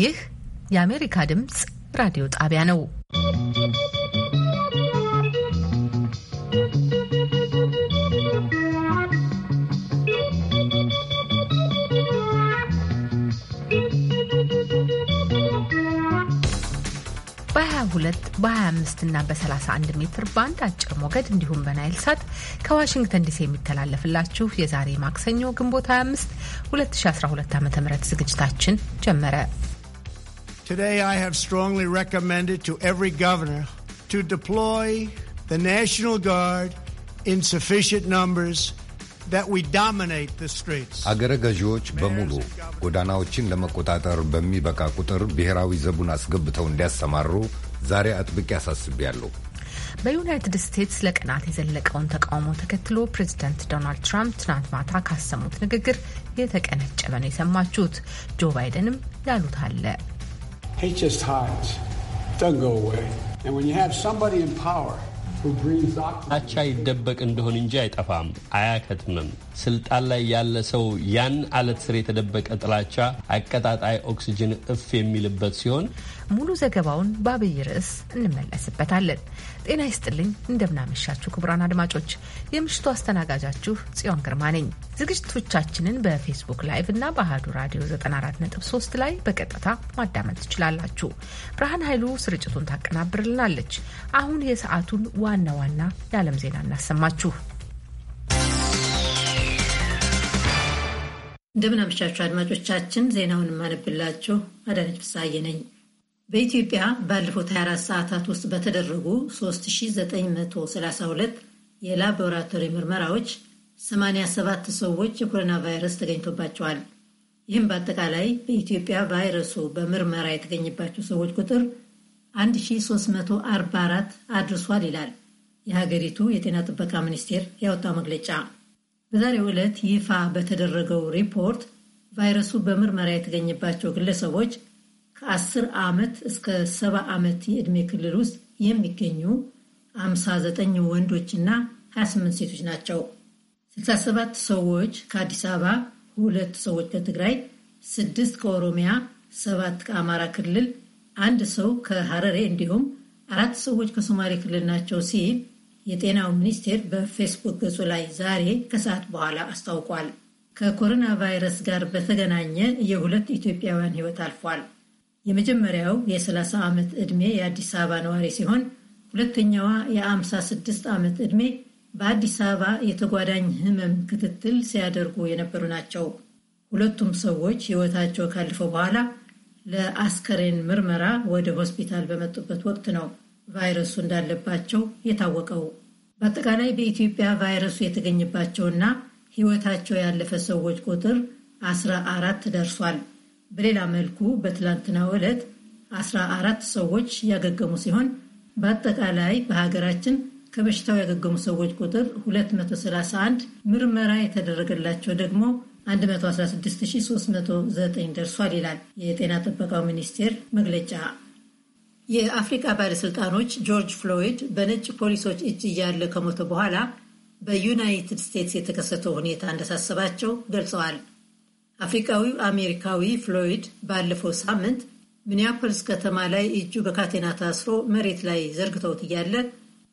ይህ የአሜሪካ ድምፅ ራዲዮ ጣቢያ ነው። በ22 በ25 እና በ31 ሜትር ባንድ አጭር ሞገድ እንዲሁም በናይል ሳት ከዋሽንግተን ዲሲ የሚተላለፍላችሁ የዛሬ ማክሰኞ ግንቦት 25 2012 ዓ ም ዝግጅታችን ጀመረ። Today, I have strongly recommended to every governor to deploy the National Guard in sufficient numbers that we dominate the streets. አገረ ገዢዎች በሙሉ ጎዳናዎችን ለመቆጣጠር በሚበቃ ቁጥር ብሔራዊ ዘቡን አስገብተው እንዲያሰማሩ ዛሬ አጥብቄ አሳስቤያለሁ። በዩናይትድ ስቴትስ ለቀናት የዘለቀውን ተቃውሞ ተከትሎ ፕሬዚደንት ዶናልድ ትራምፕ ትናንት ማታ ካሰሙት ንግግር የተቀነጨበ ነው የሰማችሁት። ጆ ባይደንም ያሉት አለ Hate just hides, doesn't go away. And when you have somebody in power, አቻ ይደበቅ እንደሆን እንጂ አይጠፋም፣ አያከትምም። ስልጣን ላይ ያለ ሰው ያን አለት ስር የተደበቀ ጥላቻ አቀጣጣይ ኦክሲጅን እፍ የሚልበት ሲሆን ሙሉ ዘገባውን በአብይ ርዕስ እንመለስበታለን። ጤና ይስጥልኝ፣ እንደምናመሻችሁ ክቡራን አድማጮች፣ የምሽቱ አስተናጋጃችሁ ጽዮን ግርማ ነኝ። ዝግጅቶቻችንን በፌስቡክ ላይቭ እና በአህዱ ራዲዮ 94.3 ላይ በቀጥታ ማዳመጥ ትችላላችሁ። ብርሃን ኃይሉ ስርጭቱን ታቀናብርልናለች። አሁን የሰዓቱን ዋና ዋና የዓለም ዜና እናሰማችሁ። እንደምን አድማጮቻችን። ዜናውን የማነብላችሁ አዳነች ፍስሐዬ ነኝ። በኢትዮጵያ ባለፉት 24 ሰዓታት ውስጥ በተደረጉ 3932 የላቦራቶሪ ምርመራዎች 87 ሰዎች የኮሮና ቫይረስ ተገኝቶባቸዋል። ይህም በአጠቃላይ በኢትዮጵያ ቫይረሱ በምርመራ የተገኘባቸው ሰዎች ቁጥር 1344 አድርሷል ይላል የሀገሪቱ የጤና ጥበቃ ሚኒስቴር ያወጣው መግለጫ። በዛሬው ዕለት ይፋ በተደረገው ሪፖርት ቫይረሱ በምርመራ የተገኘባቸው ግለሰቦች ከአስር ዓመት እስከ ሰባ ዓመት የዕድሜ ክልል ውስጥ የሚገኙ 59 ወንዶችና 28 ሴቶች ናቸው። 67 ሰዎች ከአዲስ አበባ፣ ሁለት ሰዎች ከትግራይ፣ ስድስት ከኦሮሚያ፣ ሰባት ከአማራ ክልል፣ አንድ ሰው ከሐረሬ እንዲሁም አራት ሰዎች ከሶማሌ ክልል ናቸው ሲል የጤናው ሚኒስቴር በፌስቡክ ገጹ ላይ ዛሬ ከሰዓት በኋላ አስታውቋል። ከኮሮና ቫይረስ ጋር በተገናኘ የሁለት ኢትዮጵያውያን ሕይወት አልፏል። የመጀመሪያው የ30 ዓመት ዕድሜ የአዲስ አበባ ነዋሪ ሲሆን ሁለተኛዋ የ56 ዓመት ዕድሜ በአዲስ አበባ የተጓዳኝ ህመም ክትትል ሲያደርጉ የነበሩ ናቸው። ሁለቱም ሰዎች ህይወታቸው ካለፈው በኋላ ለአስከሬን ምርመራ ወደ ሆስፒታል በመጡበት ወቅት ነው ቫይረሱ እንዳለባቸው የታወቀው። በአጠቃላይ በኢትዮጵያ ቫይረሱ የተገኘባቸውና ህይወታቸው ያለፈ ሰዎች ቁጥር 14 ደርሷል። በሌላ መልኩ በትላንትናው ዕለት 14 ሰዎች ያገገሙ ሲሆን በአጠቃላይ በሀገራችን ከበሽታው ያገገሙ ሰዎች ቁጥር 231፣ ምርመራ የተደረገላቸው ደግሞ 116309 ደርሷል ይላል የጤና ጥበቃው ሚኒስቴር መግለጫ። የአፍሪካ ባለሥልጣኖች ጆርጅ ፍሎይድ በነጭ ፖሊሶች እጅ እያለ ከሞተ በኋላ በዩናይትድ ስቴትስ የተከሰተው ሁኔታ እንዳሳሰባቸው ገልጸዋል። አፍሪካዊው አሜሪካዊ ፍሎይድ ባለፈው ሳምንት ሚኒያፖሊስ ከተማ ላይ እጁ በካቴና ታስሮ መሬት ላይ ዘርግተውት እያለ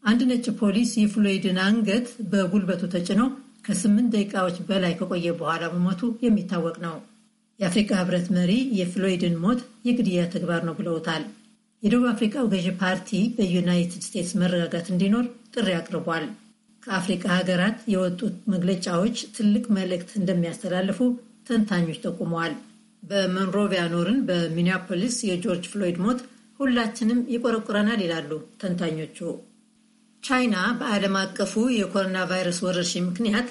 አንድ ነጭ ፖሊስ የፍሎይድን አንገት በጉልበቱ ተጭኖ ከስምንት ደቂቃዎች በላይ ከቆየ በኋላ መሞቱ የሚታወቅ ነው። የአፍሪካ ህብረት መሪ የፍሎይድን ሞት የግድያ ተግባር ነው ብለውታል። የደቡብ አፍሪካው ገዢ ፓርቲ በዩናይትድ ስቴትስ መረጋጋት እንዲኖር ጥሪ አቅርቧል። ከአፍሪካ ሀገራት የወጡት መግለጫዎች ትልቅ መልእክት እንደሚያስተላልፉ ተንታኞች ጠቁመዋል። በመንሮቪያ ኖርን፣ በሚኒያፖሊስ የጆርጅ ፍሎይድ ሞት ሁላችንም ይቆረቁረናል ይላሉ ተንታኞቹ። ቻይና በዓለም አቀፉ የኮሮና ቫይረስ ወረርሽኝ ምክንያት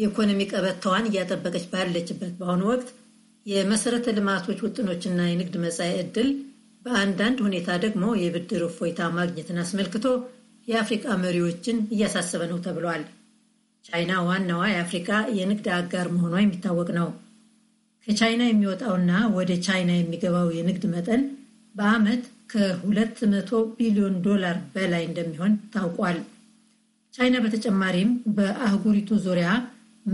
የኢኮኖሚ ቀበታዋን እያጠበቀች ባለችበት በአሁኑ ወቅት የመሰረተ ልማቶች ውጥኖችና የንግድ መጻኢ ዕድል በአንዳንድ ሁኔታ ደግሞ የብድር እፎይታ ማግኘትን አስመልክቶ የአፍሪቃ መሪዎችን እያሳሰበ ነው ተብሏል። ቻይና ዋናዋ የአፍሪካ የንግድ አጋር መሆኗ የሚታወቅ ነው። ከቻይና የሚወጣውና ወደ ቻይና የሚገባው የንግድ መጠን በዓመት ከ200 ቢሊዮን ዶላር በላይ እንደሚሆን ታውቋል። ቻይና በተጨማሪም በአህጉሪቱ ዙሪያ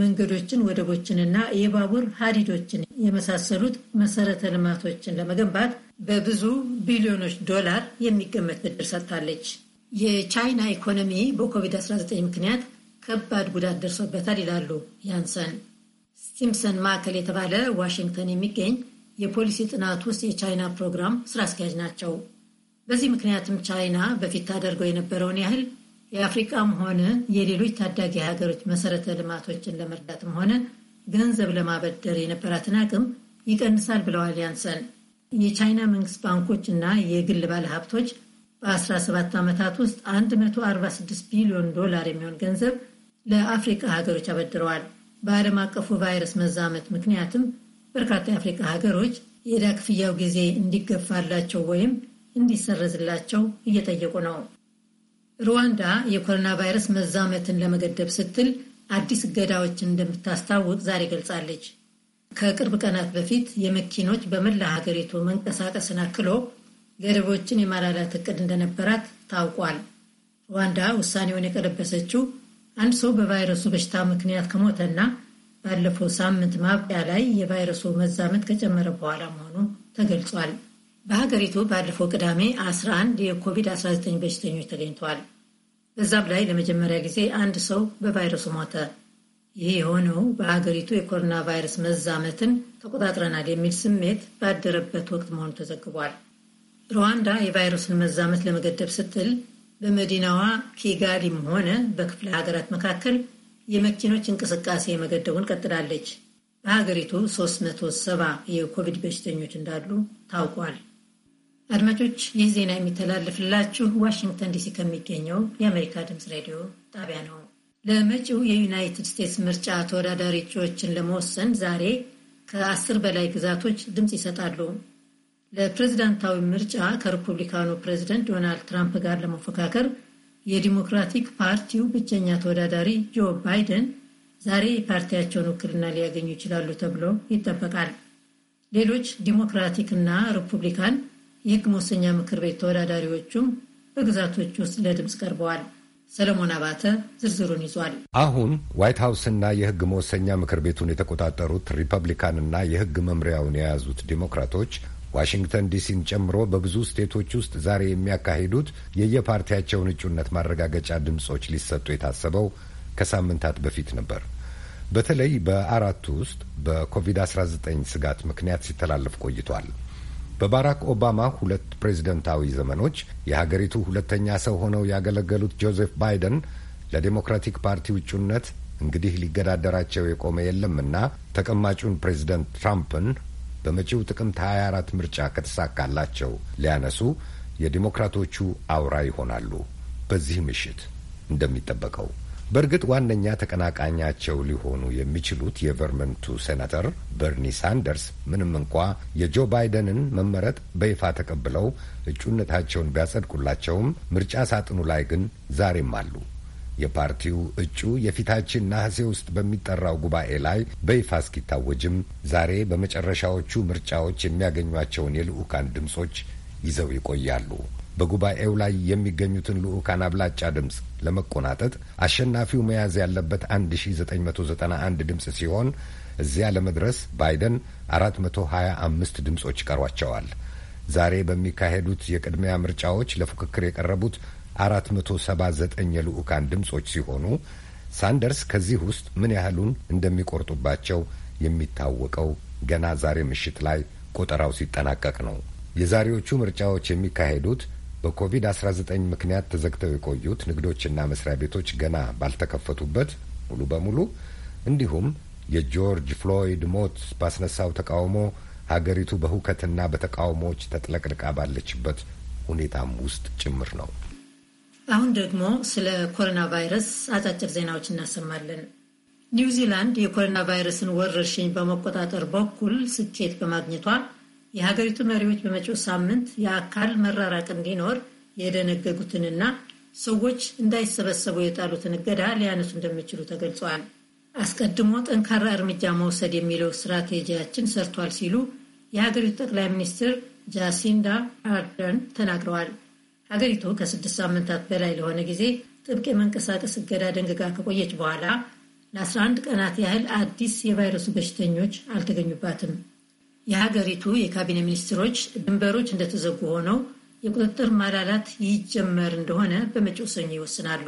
መንገዶችን፣ ወደቦችንና የባቡር ሀዲዶችን የመሳሰሉት መሰረተ ልማቶችን ለመገንባት በብዙ ቢሊዮኖች ዶላር የሚገመት ብድር ሰጥታለች። የቻይና ኢኮኖሚ በኮቪድ-19 ምክንያት ከባድ ጉዳት ደርሶበታል ይላሉ ያንሰን። ሲምፕሰን ማዕከል የተባለ ዋሽንግተን የሚገኝ የፖሊሲ ጥናት ውስጥ የቻይና ፕሮግራም ስራ አስኪያጅ ናቸው። በዚህ ምክንያትም ቻይና በፊት ታደርገው የነበረውን ያህል የአፍሪቃም ሆነ የሌሎች ታዳጊ ሀገሮች መሰረተ ልማቶችን ለመርዳትም ሆነ ገንዘብ ለማበደር የነበራትን አቅም ይቀንሳል ብለዋል ያንሰን። የቻይና መንግስት ባንኮች እና የግል ባለሀብቶች በ17 ዓመታት ውስጥ 146 ቢሊዮን ዶላር የሚሆን ገንዘብ ለአፍሪካ ሀገሮች አበድረዋል። በዓለም አቀፉ ቫይረስ መዛመት ምክንያትም በርካታ የአፍሪካ ሀገሮች የዕዳ ክፍያው ጊዜ እንዲገፋላቸው ወይም እንዲሰረዝላቸው እየጠየቁ ነው። ሩዋንዳ የኮሮና ቫይረስ መዛመትን ለመገደብ ስትል አዲስ እገዳዎችን እንደምታስታውቅ ዛሬ ገልጻለች። ከቅርብ ቀናት በፊት የመኪኖች በመላ ሀገሪቱ መንቀሳቀስን አክሎ ገደቦችን የማላላት እቅድ እንደነበራት ታውቋል። ሩዋንዳ ውሳኔውን የቀለበሰችው አንድ ሰው በቫይረሱ በሽታ ምክንያት ከሞተና ባለፈው ሳምንት ማብቂያ ላይ የቫይረሱ መዛመት ከጨመረ በኋላ መሆኑ ተገልጿል። በሀገሪቱ ባለፈው ቅዳሜ 11 የኮቪድ-19 በሽተኞች ተገኝተዋል። በዛም ላይ ለመጀመሪያ ጊዜ አንድ ሰው በቫይረሱ ሞተ። ይህ የሆነው በሀገሪቱ የኮሮና ቫይረስ መዛመትን ተቆጣጥረናል የሚል ስሜት ባደረበት ወቅት መሆኑ ተዘግቧል። ሩዋንዳ የቫይረሱን መዛመት ለመገደብ ስትል በመዲናዋ ኪጋሊም ሆነ በክፍለ ሀገራት መካከል የመኪኖች እንቅስቃሴ መገደቡን ቀጥላለች። በሀገሪቱ 370 የኮቪድ በሽተኞች እንዳሉ ታውቋል። አድማጮች፣ ይህ ዜና የሚተላለፍላችሁ ዋሽንግተን ዲሲ ከሚገኘው የአሜሪካ ድምፅ ሬዲዮ ጣቢያ ነው። ለመጪው የዩናይትድ ስቴትስ ምርጫ ተወዳዳሪ እጩዎችን ለመወሰን ዛሬ ከአስር በላይ ግዛቶች ድምፅ ይሰጣሉ። ለፕሬዝዳንታዊ ምርጫ ከሪፑብሊካኑ ፕሬዝደንት ዶናልድ ትራምፕ ጋር ለመፎካከር የዲሞክራቲክ ፓርቲው ብቸኛ ተወዳዳሪ ጆ ባይደን ዛሬ የፓርቲያቸውን ውክልና ሊያገኙ ይችላሉ ተብሎ ይጠበቃል። ሌሎች ዲሞክራቲክና ሪፑብሊካን የሕግ መወሰኛ ምክር ቤት ተወዳዳሪዎቹም በግዛቶች ውስጥ ለድምፅ ቀርበዋል። ሰለሞን አባተ ዝርዝሩን ይዟል። አሁን ዋይት ሀውስና የሕግ መወሰኛ ምክር ቤቱን የተቆጣጠሩት ሪፐብሊካንና የሕግ መምሪያውን የያዙት ዲሞክራቶች ዋሽንግተን ዲሲን ጨምሮ በብዙ ስቴቶች ውስጥ ዛሬ የሚያካሂዱት የየፓርቲያቸውን እጩነት ማረጋገጫ ድምጾች ሊሰጡ የታሰበው ከሳምንታት በፊት ነበር። በተለይ በአራቱ ውስጥ በኮቪድ-19 ስጋት ምክንያት ሲተላለፍ ቆይቷል። በባራክ ኦባማ ሁለት ፕሬዝደንታዊ ዘመኖች የሀገሪቱ ሁለተኛ ሰው ሆነው ያገለገሉት ጆዜፍ ባይደን ለዴሞክራቲክ ፓርቲ እጩነት እንግዲህ ሊገዳደራቸው የቆመ የለምና ተቀማጩን ፕሬዝደንት ትራምፕን በመጪው ጥቅምት 24 ምርጫ ከተሳካላቸው ሊያነሱ የዲሞክራቶቹ አውራ ይሆናሉ። በዚህ ምሽት እንደሚጠበቀው በእርግጥ ዋነኛ ተቀናቃኛቸው ሊሆኑ የሚችሉት የቨርመንቱ ሴናተር በርኒ ሳንደርስ ምንም እንኳ የጆ ባይደንን መመረጥ በይፋ ተቀብለው እጩነታቸውን ቢያጸድቁላቸውም ምርጫ ሳጥኑ ላይ ግን ዛሬም አሉ። የፓርቲው እጩ የፊታችን ነሐሴ ውስጥ በሚጠራው ጉባኤ ላይ በይፋ እስኪታወጅም ዛሬ በመጨረሻዎቹ ምርጫዎች የሚያገኟቸውን የልዑካን ድምጾች ይዘው ይቆያሉ። በጉባኤው ላይ የሚገኙትን ልዑካን አብላጫ ድምፅ ለመቆናጠጥ አሸናፊው መያዝ ያለበት 1991 ድምፅ ሲሆን እዚያ ለመድረስ ባይደን 425 ድምጾች ይቀሯቸዋል። ዛሬ በሚካሄዱት የቅድሚያ ምርጫዎች ለፉክክር የቀረቡት 479 የልዑካን ድምጾች ሲሆኑ ሳንደርስ ከዚህ ውስጥ ምን ያህሉን እንደሚቆርጡባቸው የሚታወቀው ገና ዛሬ ምሽት ላይ ቆጠራው ሲጠናቀቅ ነው። የዛሬዎቹ ምርጫዎች የሚካሄዱት በኮቪድ-19 ምክንያት ተዘግተው የቆዩት ንግዶችና መስሪያ ቤቶች ገና ባልተከፈቱበት ሙሉ በሙሉ እንዲሁም የጆርጅ ፍሎይድ ሞት ባስነሳው ተቃውሞ ሀገሪቱ በሁከትና በተቃውሞዎች ተጥለቅልቃ ባለችበት ሁኔታም ውስጥ ጭምር ነው። አሁን ደግሞ ስለ ኮሮና ቫይረስ አጫጭር ዜናዎች እናሰማለን። ኒውዚላንድ የኮሮና ቫይረስን ወረርሽኝ በመቆጣጠር በኩል ስኬት በማግኘቷ የሀገሪቱ መሪዎች በመጪው ሳምንት የአካል መራራቅ እንዲኖር የደነገጉትንና ሰዎች እንዳይሰበሰቡ የጣሉትን እገዳ ሊያነሱ እንደሚችሉ ተገልጿል። አስቀድሞ ጠንካራ እርምጃ መውሰድ የሚለው ስትራቴጂያችን ሰርቷል ሲሉ የሀገሪቱ ጠቅላይ ሚኒስትር ጃሲንዳ አርደን ተናግረዋል። ሀገሪቱ ከስድስት ሳምንታት በላይ ለሆነ ጊዜ ጥብቅ የመንቀሳቀስ እገዳ ደንግጋ ከቆየች በኋላ ለ11 ቀናት ያህል አዲስ የቫይረሱ በሽተኞች አልተገኙባትም። የሀገሪቱ የካቢኔ ሚኒስትሮች ድንበሮች እንደተዘጉ ሆነው የቁጥጥር ማላላት ይጀመር እንደሆነ በመጪው ሰኞ ይወስናሉ።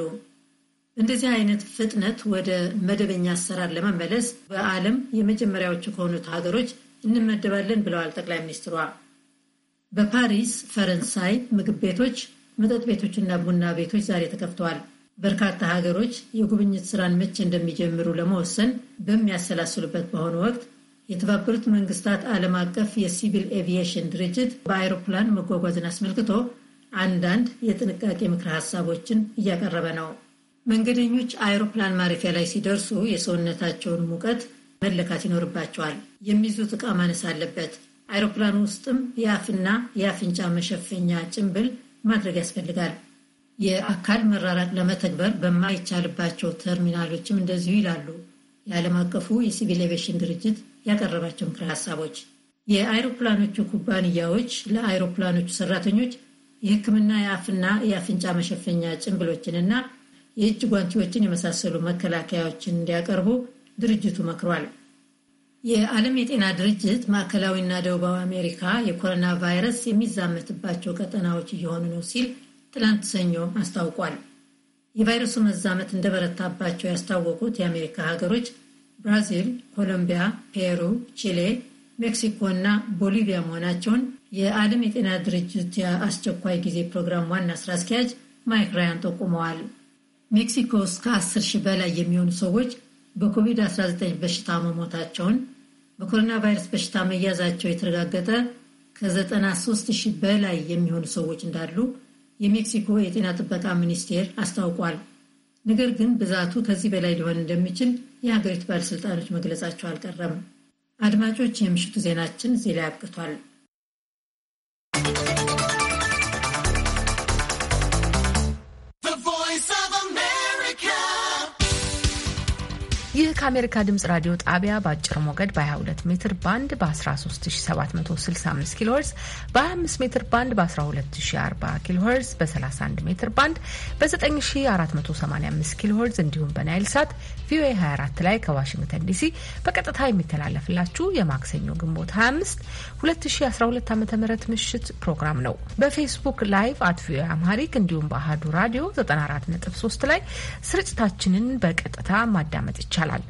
እንደዚህ አይነት ፍጥነት ወደ መደበኛ አሰራር ለመመለስ በዓለም የመጀመሪያዎቹ ከሆኑት ሀገሮች እንመደባለን ብለዋል ጠቅላይ ሚኒስትሯ። በፓሪስ ፈረንሳይ ምግብ ቤቶች፣ መጠጥ ቤቶችና ቡና ቤቶች ዛሬ ተከፍተዋል። በርካታ ሀገሮች የጉብኝት ስራን መቼ እንደሚጀምሩ ለመወሰን በሚያሰላስሉበት በአሁኑ ወቅት የተባበሩት መንግስታት ዓለም አቀፍ የሲቪል ኤቪየሽን ድርጅት በአይሮፕላን መጓጓዝን አስመልክቶ አንዳንድ የጥንቃቄ ምክረ ሀሳቦችን እያቀረበ ነው። መንገደኞች አይሮፕላን ማረፊያ ላይ ሲደርሱ የሰውነታቸውን ሙቀት መለካት ይኖርባቸዋል። የሚይዙት ዕቃ ማነስ አለበት። አይሮፕላን ውስጥም የአፍና የአፍንጫ መሸፈኛ ጭንብል ማድረግ ያስፈልጋል። የአካል መራራቅ ለመተግበር በማይቻልባቸው ተርሚናሎችም እንደዚሁ ይላሉ የዓለም አቀፉ የሲቪል ኤቪዬሽን ድርጅት ያቀረባቸው ምክረ ሀሳቦች። የአይሮፕላኖቹ ኩባንያዎች ለአይሮፕላኖቹ ሰራተኞች የሕክምና የአፍና የአፍንጫ መሸፈኛ ጭንብሎችንና የእጅ ጓንቲዎችን የመሳሰሉ መከላከያዎችን እንዲያቀርቡ ድርጅቱ መክሯል። የዓለም የጤና ድርጅት ማዕከላዊና ደቡባዊ አሜሪካ የኮሮና ቫይረስ የሚዛመትባቸው ቀጠናዎች እየሆኑ ነው ሲል ትላንት ሰኞ አስታውቋል። የቫይረሱ መዛመት እንደበረታባቸው ያስታወቁት የአሜሪካ ሀገሮች ብራዚል፣ ኮሎምቢያ፣ ፔሩ፣ ቺሌ፣ ሜክሲኮ እና ቦሊቪያ መሆናቸውን የዓለም የጤና ድርጅት የአስቸኳይ ጊዜ ፕሮግራም ዋና ስራ አስኪያጅ ማይክ ራያን ጠቁመዋል። ሜክሲኮ እስከ 10 ሺህ በላይ የሚሆኑ ሰዎች በኮቪድ-19 በሽታ መሞታቸውን በኮሮና ቫይረስ በሽታ መያዛቸው የተረጋገጠ ከ93 ሺህ በላይ የሚሆኑ ሰዎች እንዳሉ የሜክሲኮ የጤና ጥበቃ ሚኒስቴር አስታውቋል። ነገር ግን ብዛቱ ከዚህ በላይ ሊሆን እንደሚችል የሀገሪቱ ባለሥልጣኖች መግለጻቸው አልቀረም። አድማጮች፣ የምሽቱ ዜናችን እዚህ ላይ አብቅቷል። ይህ ከአሜሪካ ድምጽ ራዲዮ ጣቢያ በአጭር ሞገድ በ22 ሜትር ባንድ በ13765 ኪሎ ሄርዝ በ25 ሜትር ባንድ በ1240 ኪሎ ሄርዝ በ31 ሜትር ባንድ በ9485 ኪሎ ሄርዝ እንዲሁም በናይል ሳት ቪኦኤ 24 ላይ ከዋሽንግተን ዲሲ በቀጥታ የሚተላለፍላችሁ የማክሰኞ ግንቦት 25 2012 ዓ ም ምሽት ፕሮግራም ነው። በፌስቡክ ላይቭ አት ቪኦኤ አምሃሪክ እንዲሁም በአህዱ ራዲዮ 943 ላይ ስርጭታችንን በቀጥታ ማዳመጥ ይቻላል። ይቻላል።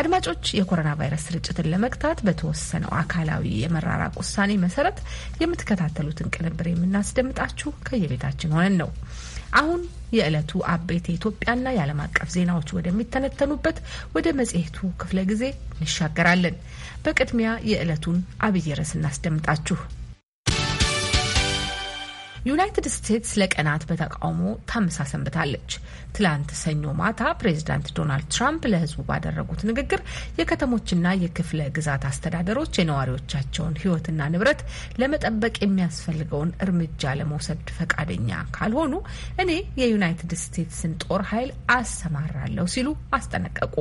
አድማጮች፣ የኮሮና ቫይረስ ስርጭትን ለመግታት በተወሰነው አካላዊ የመራራቅ ውሳኔ መሰረት የምትከታተሉትን ቅንብር የምናስደምጣችሁ ከየቤታችን ሆነን ነው። አሁን የዕለቱ አበይት የኢትዮጵያና የዓለም አቀፍ ዜናዎች ወደሚተነተኑበት ወደ መጽሔቱ ክፍለ ጊዜ እንሻገራለን። በቅድሚያ የዕለቱን አብይ ርዕስ እናስደምጣችሁ። ዩናይትድ ስቴትስ ለቀናት በተቃውሞ ታምሳ ሰንብታለች። ትላንት ሰኞ ማታ ፕሬዚዳንት ዶናልድ ትራምፕ ለሕዝቡ ባደረጉት ንግግር የከተሞችና የክፍለ ግዛት አስተዳደሮች የነዋሪዎቻቸውን ሕይወትና ንብረት ለመጠበቅ የሚያስፈልገውን እርምጃ ለመውሰድ ፈቃደኛ ካልሆኑ እኔ የዩናይትድ ስቴትስን ጦር ኃይል አሰማራለሁ ሲሉ አስጠነቀቁ።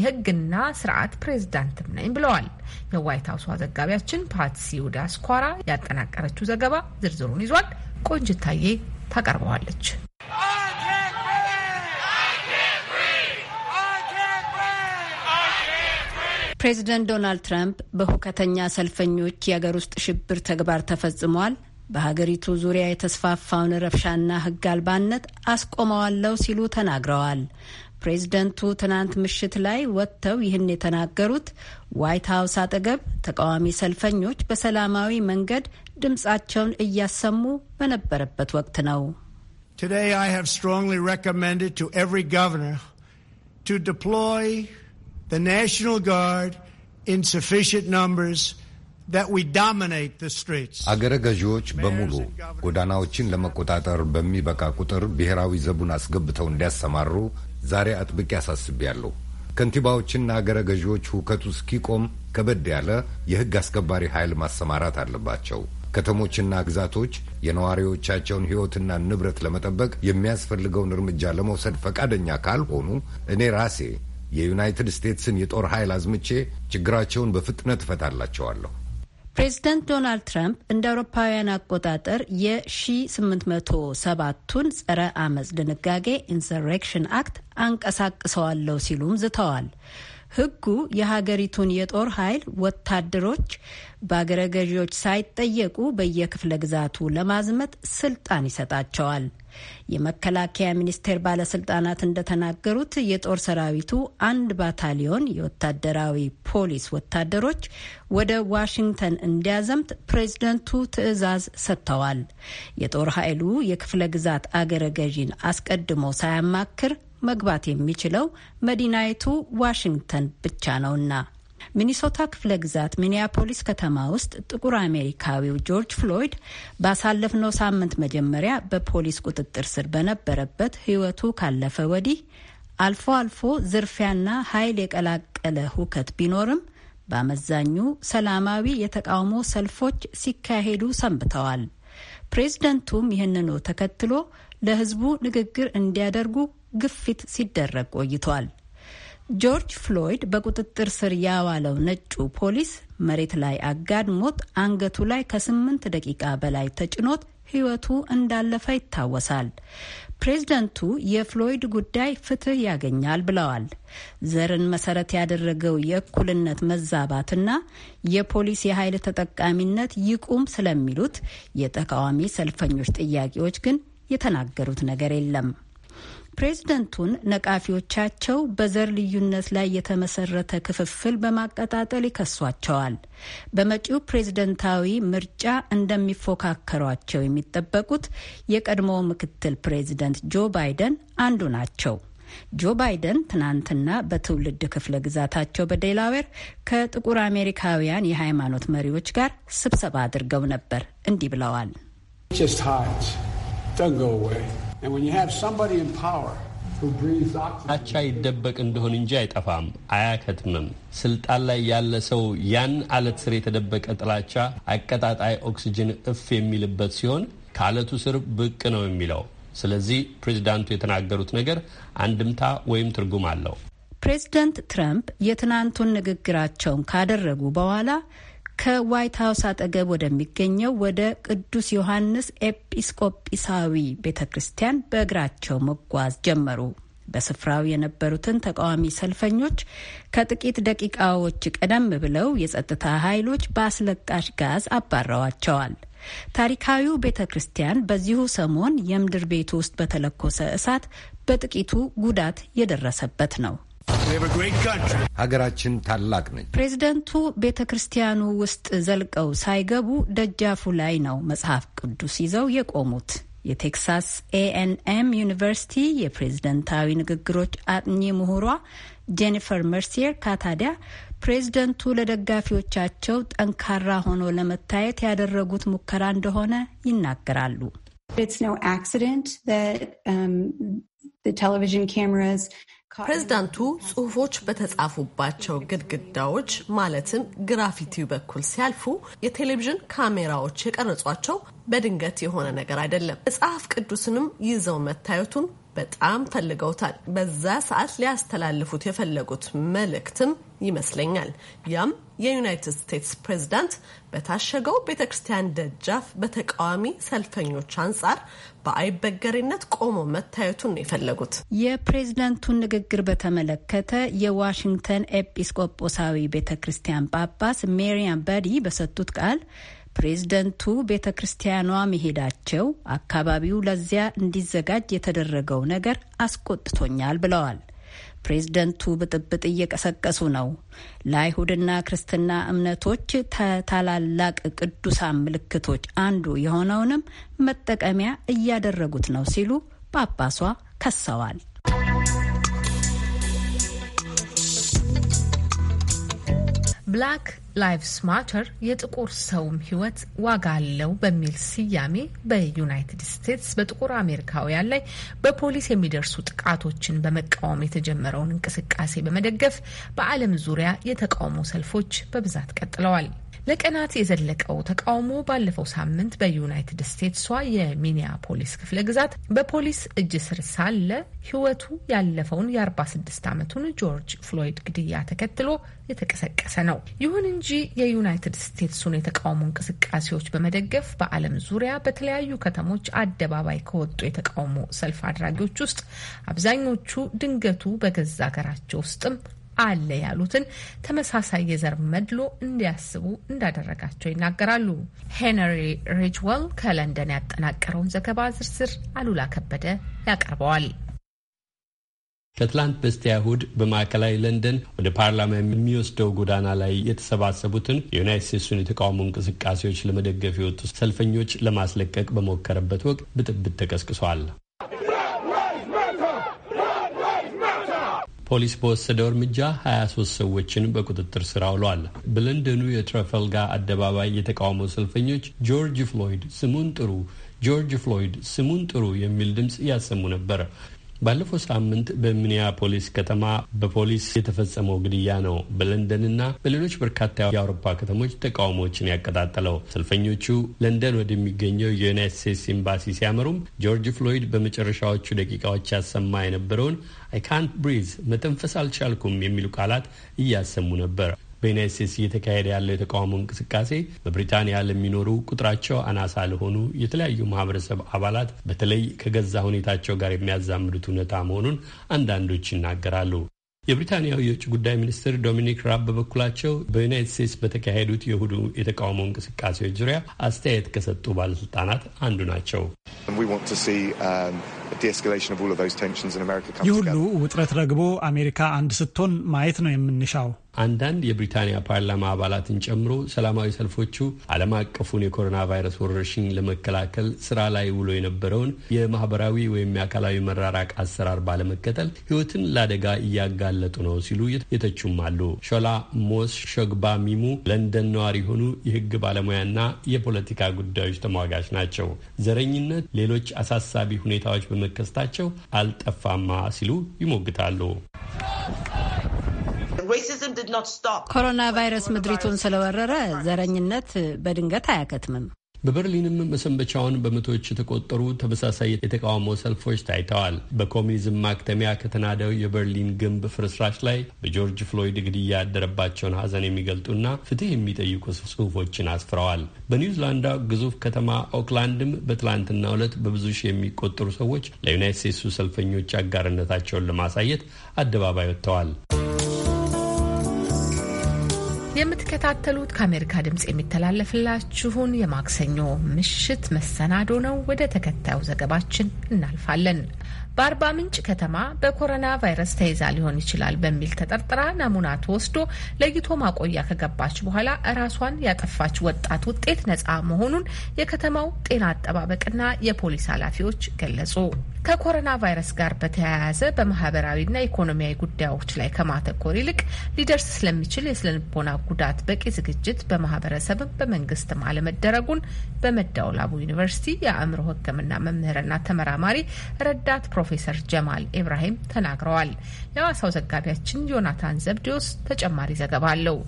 የሕግና ስርዓት ፕሬዚዳንትም ነኝ ብለዋል። የዋይት ሀውሷ ዘጋቢያችን ፓትሲ ውዳስኳራ ያጠናቀረችው ዘገባ ዝርዝሩን ይዟል። ቆንጅታዬ ታቀርበዋለች። ፕሬዚደንት ዶናልድ ትራምፕ በሁከተኛ ሰልፈኞች የአገር ውስጥ ሽብር ተግባር ተፈጽሟል፣ በሀገሪቱ ዙሪያ የተስፋፋውን ረብሻና ሕግ አልባነት አስቆመዋለሁ ሲሉ ተናግረዋል። ፕሬዝደንቱ ትናንት ምሽት ላይ ወጥተው ይህን የተናገሩት ዋይት ሀውስ አጠገብ ተቃዋሚ ሰልፈኞች በሰላማዊ መንገድ ድምፃቸውን እያሰሙ በነበረበት ወቅት ነው። Today I have strongly recommended to every governor to deploy the National Guard in sufficient numbers that we dominate the streets. አገረ ገዢዎች በሙሉ ጎዳናዎችን ለመቆጣጠር በሚበቃ ቁጥር ብሔራዊ ዘቡን አስገብተው እንዲያሰማሩ ዛሬ አጥብቄ አሳስቤያለሁ። ከንቲባዎችና አገረ ገዢዎች ሁከቱ እስኪቆም ከበድ ያለ የሕግ አስከባሪ ኃይል ማሰማራት አለባቸው። ከተሞችና ግዛቶች የነዋሪዎቻቸውን ሕይወትና ንብረት ለመጠበቅ የሚያስፈልገውን እርምጃ ለመውሰድ ፈቃደኛ ካልሆኑ እኔ ራሴ የዩናይትድ ስቴትስን የጦር ኃይል አዝምቼ ችግራቸውን በፍጥነት እፈታላቸዋለሁ። ፕሬዚደንት ዶናልድ ትራምፕ እንደ አውሮፓውያን አቆጣጠር የ1807ቱን ጸረ አመፅ ድንጋጌ ኢንሰሬክሽን አክት አንቀሳቅሰዋለሁ ሲሉም ዝተዋል። ህጉ የሀገሪቱን የጦር ኃይል ወታደሮች በአገረ ገዢዎች ሳይጠየቁ በየክፍለ ግዛቱ ለማዝመት ስልጣን ይሰጣቸዋል። የመከላከያ ሚኒስቴር ባለስልጣናት እንደተናገሩት የጦር ሰራዊቱ አንድ ባታሊዮን የወታደራዊ ፖሊስ ወታደሮች ወደ ዋሽንግተን እንዲያዘምት ፕሬዝደንቱ ትዕዛዝ ሰጥተዋል። የጦር ኃይሉ የክፍለ ግዛት አገረ ገዢን አስቀድሞ ሳያማክር መግባት የሚችለው መዲናይቱ ዋሽንግተን ብቻ ነውና ሚኒሶታ ክፍለ ግዛት ሚኒያፖሊስ ከተማ ውስጥ ጥቁር አሜሪካዊው ጆርጅ ፍሎይድ ባሳለፍነው ሳምንት መጀመሪያ በፖሊስ ቁጥጥር ስር በነበረበት ሕይወቱ ካለፈ ወዲህ አልፎ አልፎ ዝርፊያና ኃይል የቀላቀለ ሁከት ቢኖርም በአመዛኙ ሰላማዊ የተቃውሞ ሰልፎች ሲካሄዱ ሰንብተዋል። ፕሬዝደንቱም ይህንኑ ተከትሎ ለሕዝቡ ንግግር እንዲያደርጉ ግፊት ሲደረግ ቆይቷል። ጆርጅ ፍሎይድ በቁጥጥር ስር ያዋለው ነጩ ፖሊስ መሬት ላይ አጋድሞት አንገቱ ላይ ከስምንት ደቂቃ በላይ ተጭኖት ሕይወቱ እንዳለፈ ይታወሳል። ፕሬዝደንቱ የፍሎይድ ጉዳይ ፍትህ ያገኛል ብለዋል። ዘርን መሰረት ያደረገው የእኩልነት መዛባትና የፖሊስ የኃይል ተጠቃሚነት ይቁም ስለሚሉት የተቃዋሚ ሰልፈኞች ጥያቄዎች ግን የተናገሩት ነገር የለም። ፕሬዝደንቱን ነቃፊዎቻቸው በዘር ልዩነት ላይ የተመሰረተ ክፍፍል በማቀጣጠል ይከሷቸዋል። በመጪው ፕሬዝደንታዊ ምርጫ እንደሚፎካከሯቸው የሚጠበቁት የቀድሞ ምክትል ፕሬዝደንት ጆ ባይደን አንዱ ናቸው። ጆ ባይደን ትናንትና በትውልድ ክፍለ ግዛታቸው በዴላዌር ከጥቁር አሜሪካውያን የሃይማኖት መሪዎች ጋር ስብሰባ አድርገው ነበር። እንዲህ ብለዋል። አቻ ይደበቅ እንደሆን እንጂ አይጠፋም፣ አያከትምም። ስልጣን ላይ ያለ ሰው ያን አለት ስር የተደበቀ ጥላቻ አቀጣጣይ ኦክሲጅን እፍ የሚልበት ሲሆን ከአለቱ ስር ብቅ ነው የሚለው። ስለዚህ ፕሬዚዳንቱ የተናገሩት ነገር አንድምታ ወይም ትርጉም አለው። ፕሬዚደንት ትራምፕ የትናንቱን ንግግራቸውን ካደረጉ በኋላ ከዋይት ሀውስ አጠገብ ወደሚገኘው ወደ ቅዱስ ዮሐንስ ኤጲስቆጲሳዊ ቤተ ክርስቲያን በእግራቸው መጓዝ ጀመሩ። በስፍራው የነበሩትን ተቃዋሚ ሰልፈኞች ከጥቂት ደቂቃዎች ቀደም ብለው የጸጥታ ኃይሎች በአስለቃሽ ጋዝ አባረዋቸዋል። ታሪካዊው ቤተ ክርስቲያን በዚሁ ሰሞን የምድር ቤቱ ውስጥ በተለኮሰ እሳት በጥቂቱ ጉዳት የደረሰበት ነው። ሀገራችን ታላቅ ነች። ፕሬዚደንቱ ቤተ ክርስቲያኑ ውስጥ ዘልቀው ሳይገቡ ደጃፉ ላይ ነው መጽሐፍ ቅዱስ ይዘው የቆሙት። የቴክሳስ ኤኤንኤም ዩኒቨርሲቲ የፕሬዝደንታዊ ንግግሮች አጥኚ ምሁሯ ጄኒፈር መርሲየር ካታዲያ ፕሬዝደንቱ ለደጋፊዎቻቸው ጠንካራ ሆኖ ለመታየት ያደረጉት ሙከራ እንደሆነ ይናገራሉ። ኢትስ ኖ አክሲደንት ቴሌቪዥን ካሜራስ ፕሬዝዳንቱ ጽሁፎች በተጻፉባቸው ግድግዳዎች ማለትም ግራፊቲው በኩል ሲያልፉ የቴሌቪዥን ካሜራዎች የቀረጿቸው በድንገት የሆነ ነገር አይደለም። መጽሐፍ ቅዱስንም ይዘው መታየቱን በጣም ፈልገውታል። በዛ ሰዓት ሊያስተላልፉት የፈለጉት መልእክትም ይመስለኛል። ያም የዩናይትድ ስቴትስ ፕሬዝዳንት በታሸገው ቤተ ክርስቲያን ደጃፍ በተቃዋሚ ሰልፈኞች አንጻር በአይበገሬነት ቆሞ መታየቱን ነው የፈለጉት። የፕሬዝዳንቱን ንግግር በተመለከተ የዋሽንግተን ኤጲስቆጶሳዊ ቤተ ክርስቲያን ጳጳስ ሜሪያም በዲ በሰጡት ቃል ፕሬዝደንቱ ቤተ ክርስቲያኗ መሄዳቸው አካባቢው ለዚያ እንዲዘጋጅ የተደረገው ነገር አስቆጥቶኛል ብለዋል። ፕሬዝደንቱ ብጥብጥ እየቀሰቀሱ ነው። ለአይሁድና ክርስትና እምነቶች ታላላቅ ቅዱሳን ምልክቶች አንዱ የሆነውንም መጠቀሚያ እያደረጉት ነው ሲሉ ጳጳሷ ከሰዋል። ብላክ ላይቭስ ማተር የጥቁር ሰውም ህይወት ዋጋ አለው በሚል ስያሜ በዩናይትድ ስቴትስ በጥቁር አሜሪካውያን ላይ በፖሊስ የሚደርሱ ጥቃቶችን በመቃወም የተጀመረውን እንቅስቃሴ በመደገፍ በዓለም ዙሪያ የተቃውሞ ሰልፎች በብዛት ቀጥለዋል። ለቀናት የዘለቀው ተቃውሞ ባለፈው ሳምንት በዩናይትድ ስቴትሷ የሚኒያፖሊስ ክፍለ ግዛት በፖሊስ እጅ ስር ሳለ ሕይወቱ ያለፈውን የ46 ዓመቱን ጆርጅ ፍሎይድ ግድያ ተከትሎ የተቀሰቀሰ ነው። ይሁን እንጂ የዩናይትድ ስቴትሱን የተቃውሞ እንቅስቃሴዎች በመደገፍ በዓለም ዙሪያ በተለያዩ ከተሞች አደባባይ ከወጡ የተቃውሞ ሰልፍ አድራጊዎች ውስጥ አብዛኞቹ ድንገቱ በገዛ ሀገራቸው ውስጥም አለ ያሉትን ተመሳሳይ የዘር መድሎ እንዲያስቡ እንዳደረጋቸው ይናገራሉ። ሄንሪ ሪጅዌል ከለንደን ያጠናቀረውን ዘገባ ዝርዝር አሉላ ከበደ ያቀርበዋል። ከትላንት በስቲያ እሁድ በማዕከላዊ ለንደን ወደ ፓርላማ የሚወስደው ጎዳና ላይ የተሰባሰቡትን የዩናይት ስቴትሱን የተቃውሞ እንቅስቃሴዎች ለመደገፍ የወጡ ሰልፈኞች ለማስለቀቅ በሞከረበት ወቅት ብጥብጥ ተቀስቅሷል። ፖሊስ በወሰደው እርምጃ 23 ሰዎችን በቁጥጥር ስር አውሏል። በለንደኑ የትራፈልጋ አደባባይ የተቃውሞ ሰልፈኞች ጆርጅ ፍሎይድ ስሙን ጥሩ፣ ጆርጅ ፍሎይድ ስሙን ጥሩ የሚል ድምፅ ያሰሙ ነበር። ባለፈው ሳምንት በሚኒያፖሊስ ከተማ በፖሊስ የተፈጸመው ግድያ ነው በለንደንና በሌሎች በርካታ የአውሮፓ ከተሞች ተቃውሞዎችን ያቀጣጠለው። ሰልፈኞቹ ለንደን ወደሚገኘው የዩናይት ስቴትስ ኤምባሲ ሲያመሩም ጆርጅ ፍሎይድ በመጨረሻዎቹ ደቂቃዎች ያሰማ የነበረውን አይ ካንት ብሪዝ መተንፈስ አልቻልኩም የሚሉ ቃላት እያሰሙ ነበር። በዩናይት ስቴትስ እየተካሄደ ያለው የተቃውሞ እንቅስቃሴ በብሪታንያ ለሚኖሩ ቁጥራቸው አናሳ ለሆኑ የተለያዩ ማህበረሰብ አባላት በተለይ ከገዛ ሁኔታቸው ጋር የሚያዛምዱት እውነታ መሆኑን አንዳንዶች ይናገራሉ። የብሪታንያው የውጭ ጉዳይ ሚኒስትር ዶሚኒክ ራብ በበኩላቸው በዩናይት ስቴትስ በተካሄዱት የእሁዱ የተቃውሞ እንቅስቃሴዎች ዙሪያ አስተያየት ከሰጡ ባለስልጣናት አንዱ ናቸው። um, ይህ ሁሉ ውጥረት ረግቦ አሜሪካ አንድ ስትሆን ማየት ነው የምንሻው። አንዳንድ የብሪታንያ ፓርላማ አባላትን ጨምሮ ሰላማዊ ሰልፎቹ ዓለም አቀፉን የኮሮና ቫይረስ ወረርሽኝ ለመከላከል ስራ ላይ ውሎ የነበረውን የማህበራዊ ወይም የአካላዊ መራራቅ አሰራር ባለመከተል ሕይወትን ለአደጋ እያጋለጡ ነው ሲሉ የተቹም አሉ። ሾላ ሞስ ሾግባ ሚሙ ለንደን ነዋሪ የሆኑ የሕግ ባለሙያና የፖለቲካ ጉዳዮች ተሟጋች ናቸው። ዘረኝነት፣ ሌሎች አሳሳቢ ሁኔታዎች በመከሰታቸው አልጠፋማ ሲሉ ይሞግታሉ። ኮሮና ቫይረስ ምድሪቱን ስለወረረ ዘረኝነት በድንገት አያከትምም። በበርሊንም መሰንበቻውን በመቶዎች የተቆጠሩ ተመሳሳይ የተቃውሞ ሰልፎች ታይተዋል። በኮሚኒዝም ማክተሚያ ከተናደው የበርሊን ግንብ ፍርስራሽ ላይ በጆርጅ ፍሎይድ ግድያ ያደረባቸውን ሐዘን የሚገልጡና ፍትህ የሚጠይቁ ጽሑፎችን አስፍረዋል። በኒውዚላንዷ ግዙፍ ከተማ ኦክላንድም በትላንትናው ዕለት በብዙ ሺህ የሚቆጠሩ ሰዎች ለዩናይት ስቴትሱ ሰልፈኞች አጋርነታቸውን ለማሳየት አደባባይ ወጥተዋል። የምትከታተሉት ከአሜሪካ ድምፅ የሚተላለፍላችሁን የማክሰኞ ምሽት መሰናዶ ነው። ወደ ተከታዩ ዘገባችን እናልፋለን። በአርባ ምንጭ ከተማ በኮሮና ቫይረስ ተይዛ ሊሆን ይችላል በሚል ተጠርጥራ ናሙና ተወስዶ ለይቶ ማቆያ ከገባች በኋላ ራሷን ያጠፋች ወጣት ውጤት ነፃ መሆኑን የከተማው ጤና አጠባበቅና የፖሊስ ኃላፊዎች ገለጹ። ከኮሮና ቫይረስ ጋር በተያያዘ በማህበራዊና ኢኮኖሚያዊ ጉዳዮች ላይ ከማተኮር ይልቅ ሊደርስ ስለሚችል የስነልቦና ጉዳት በቂ ዝግጅት በማህበረሰብም በመንግስትም አለመደረጉን በመዳውላቡ ዩኒቨርሲቲ የአእምሮ ሕክምና መምህርና ተመራማሪ ረዳት ፕሮፌ ፕሮፌሰር ጀማል ኢብራሂም ተናግረዋል። የሐዋሳው ዘጋቢያችን ዮናታን ዘብዲዎስ ተጨማሪ ዘገባ አለው።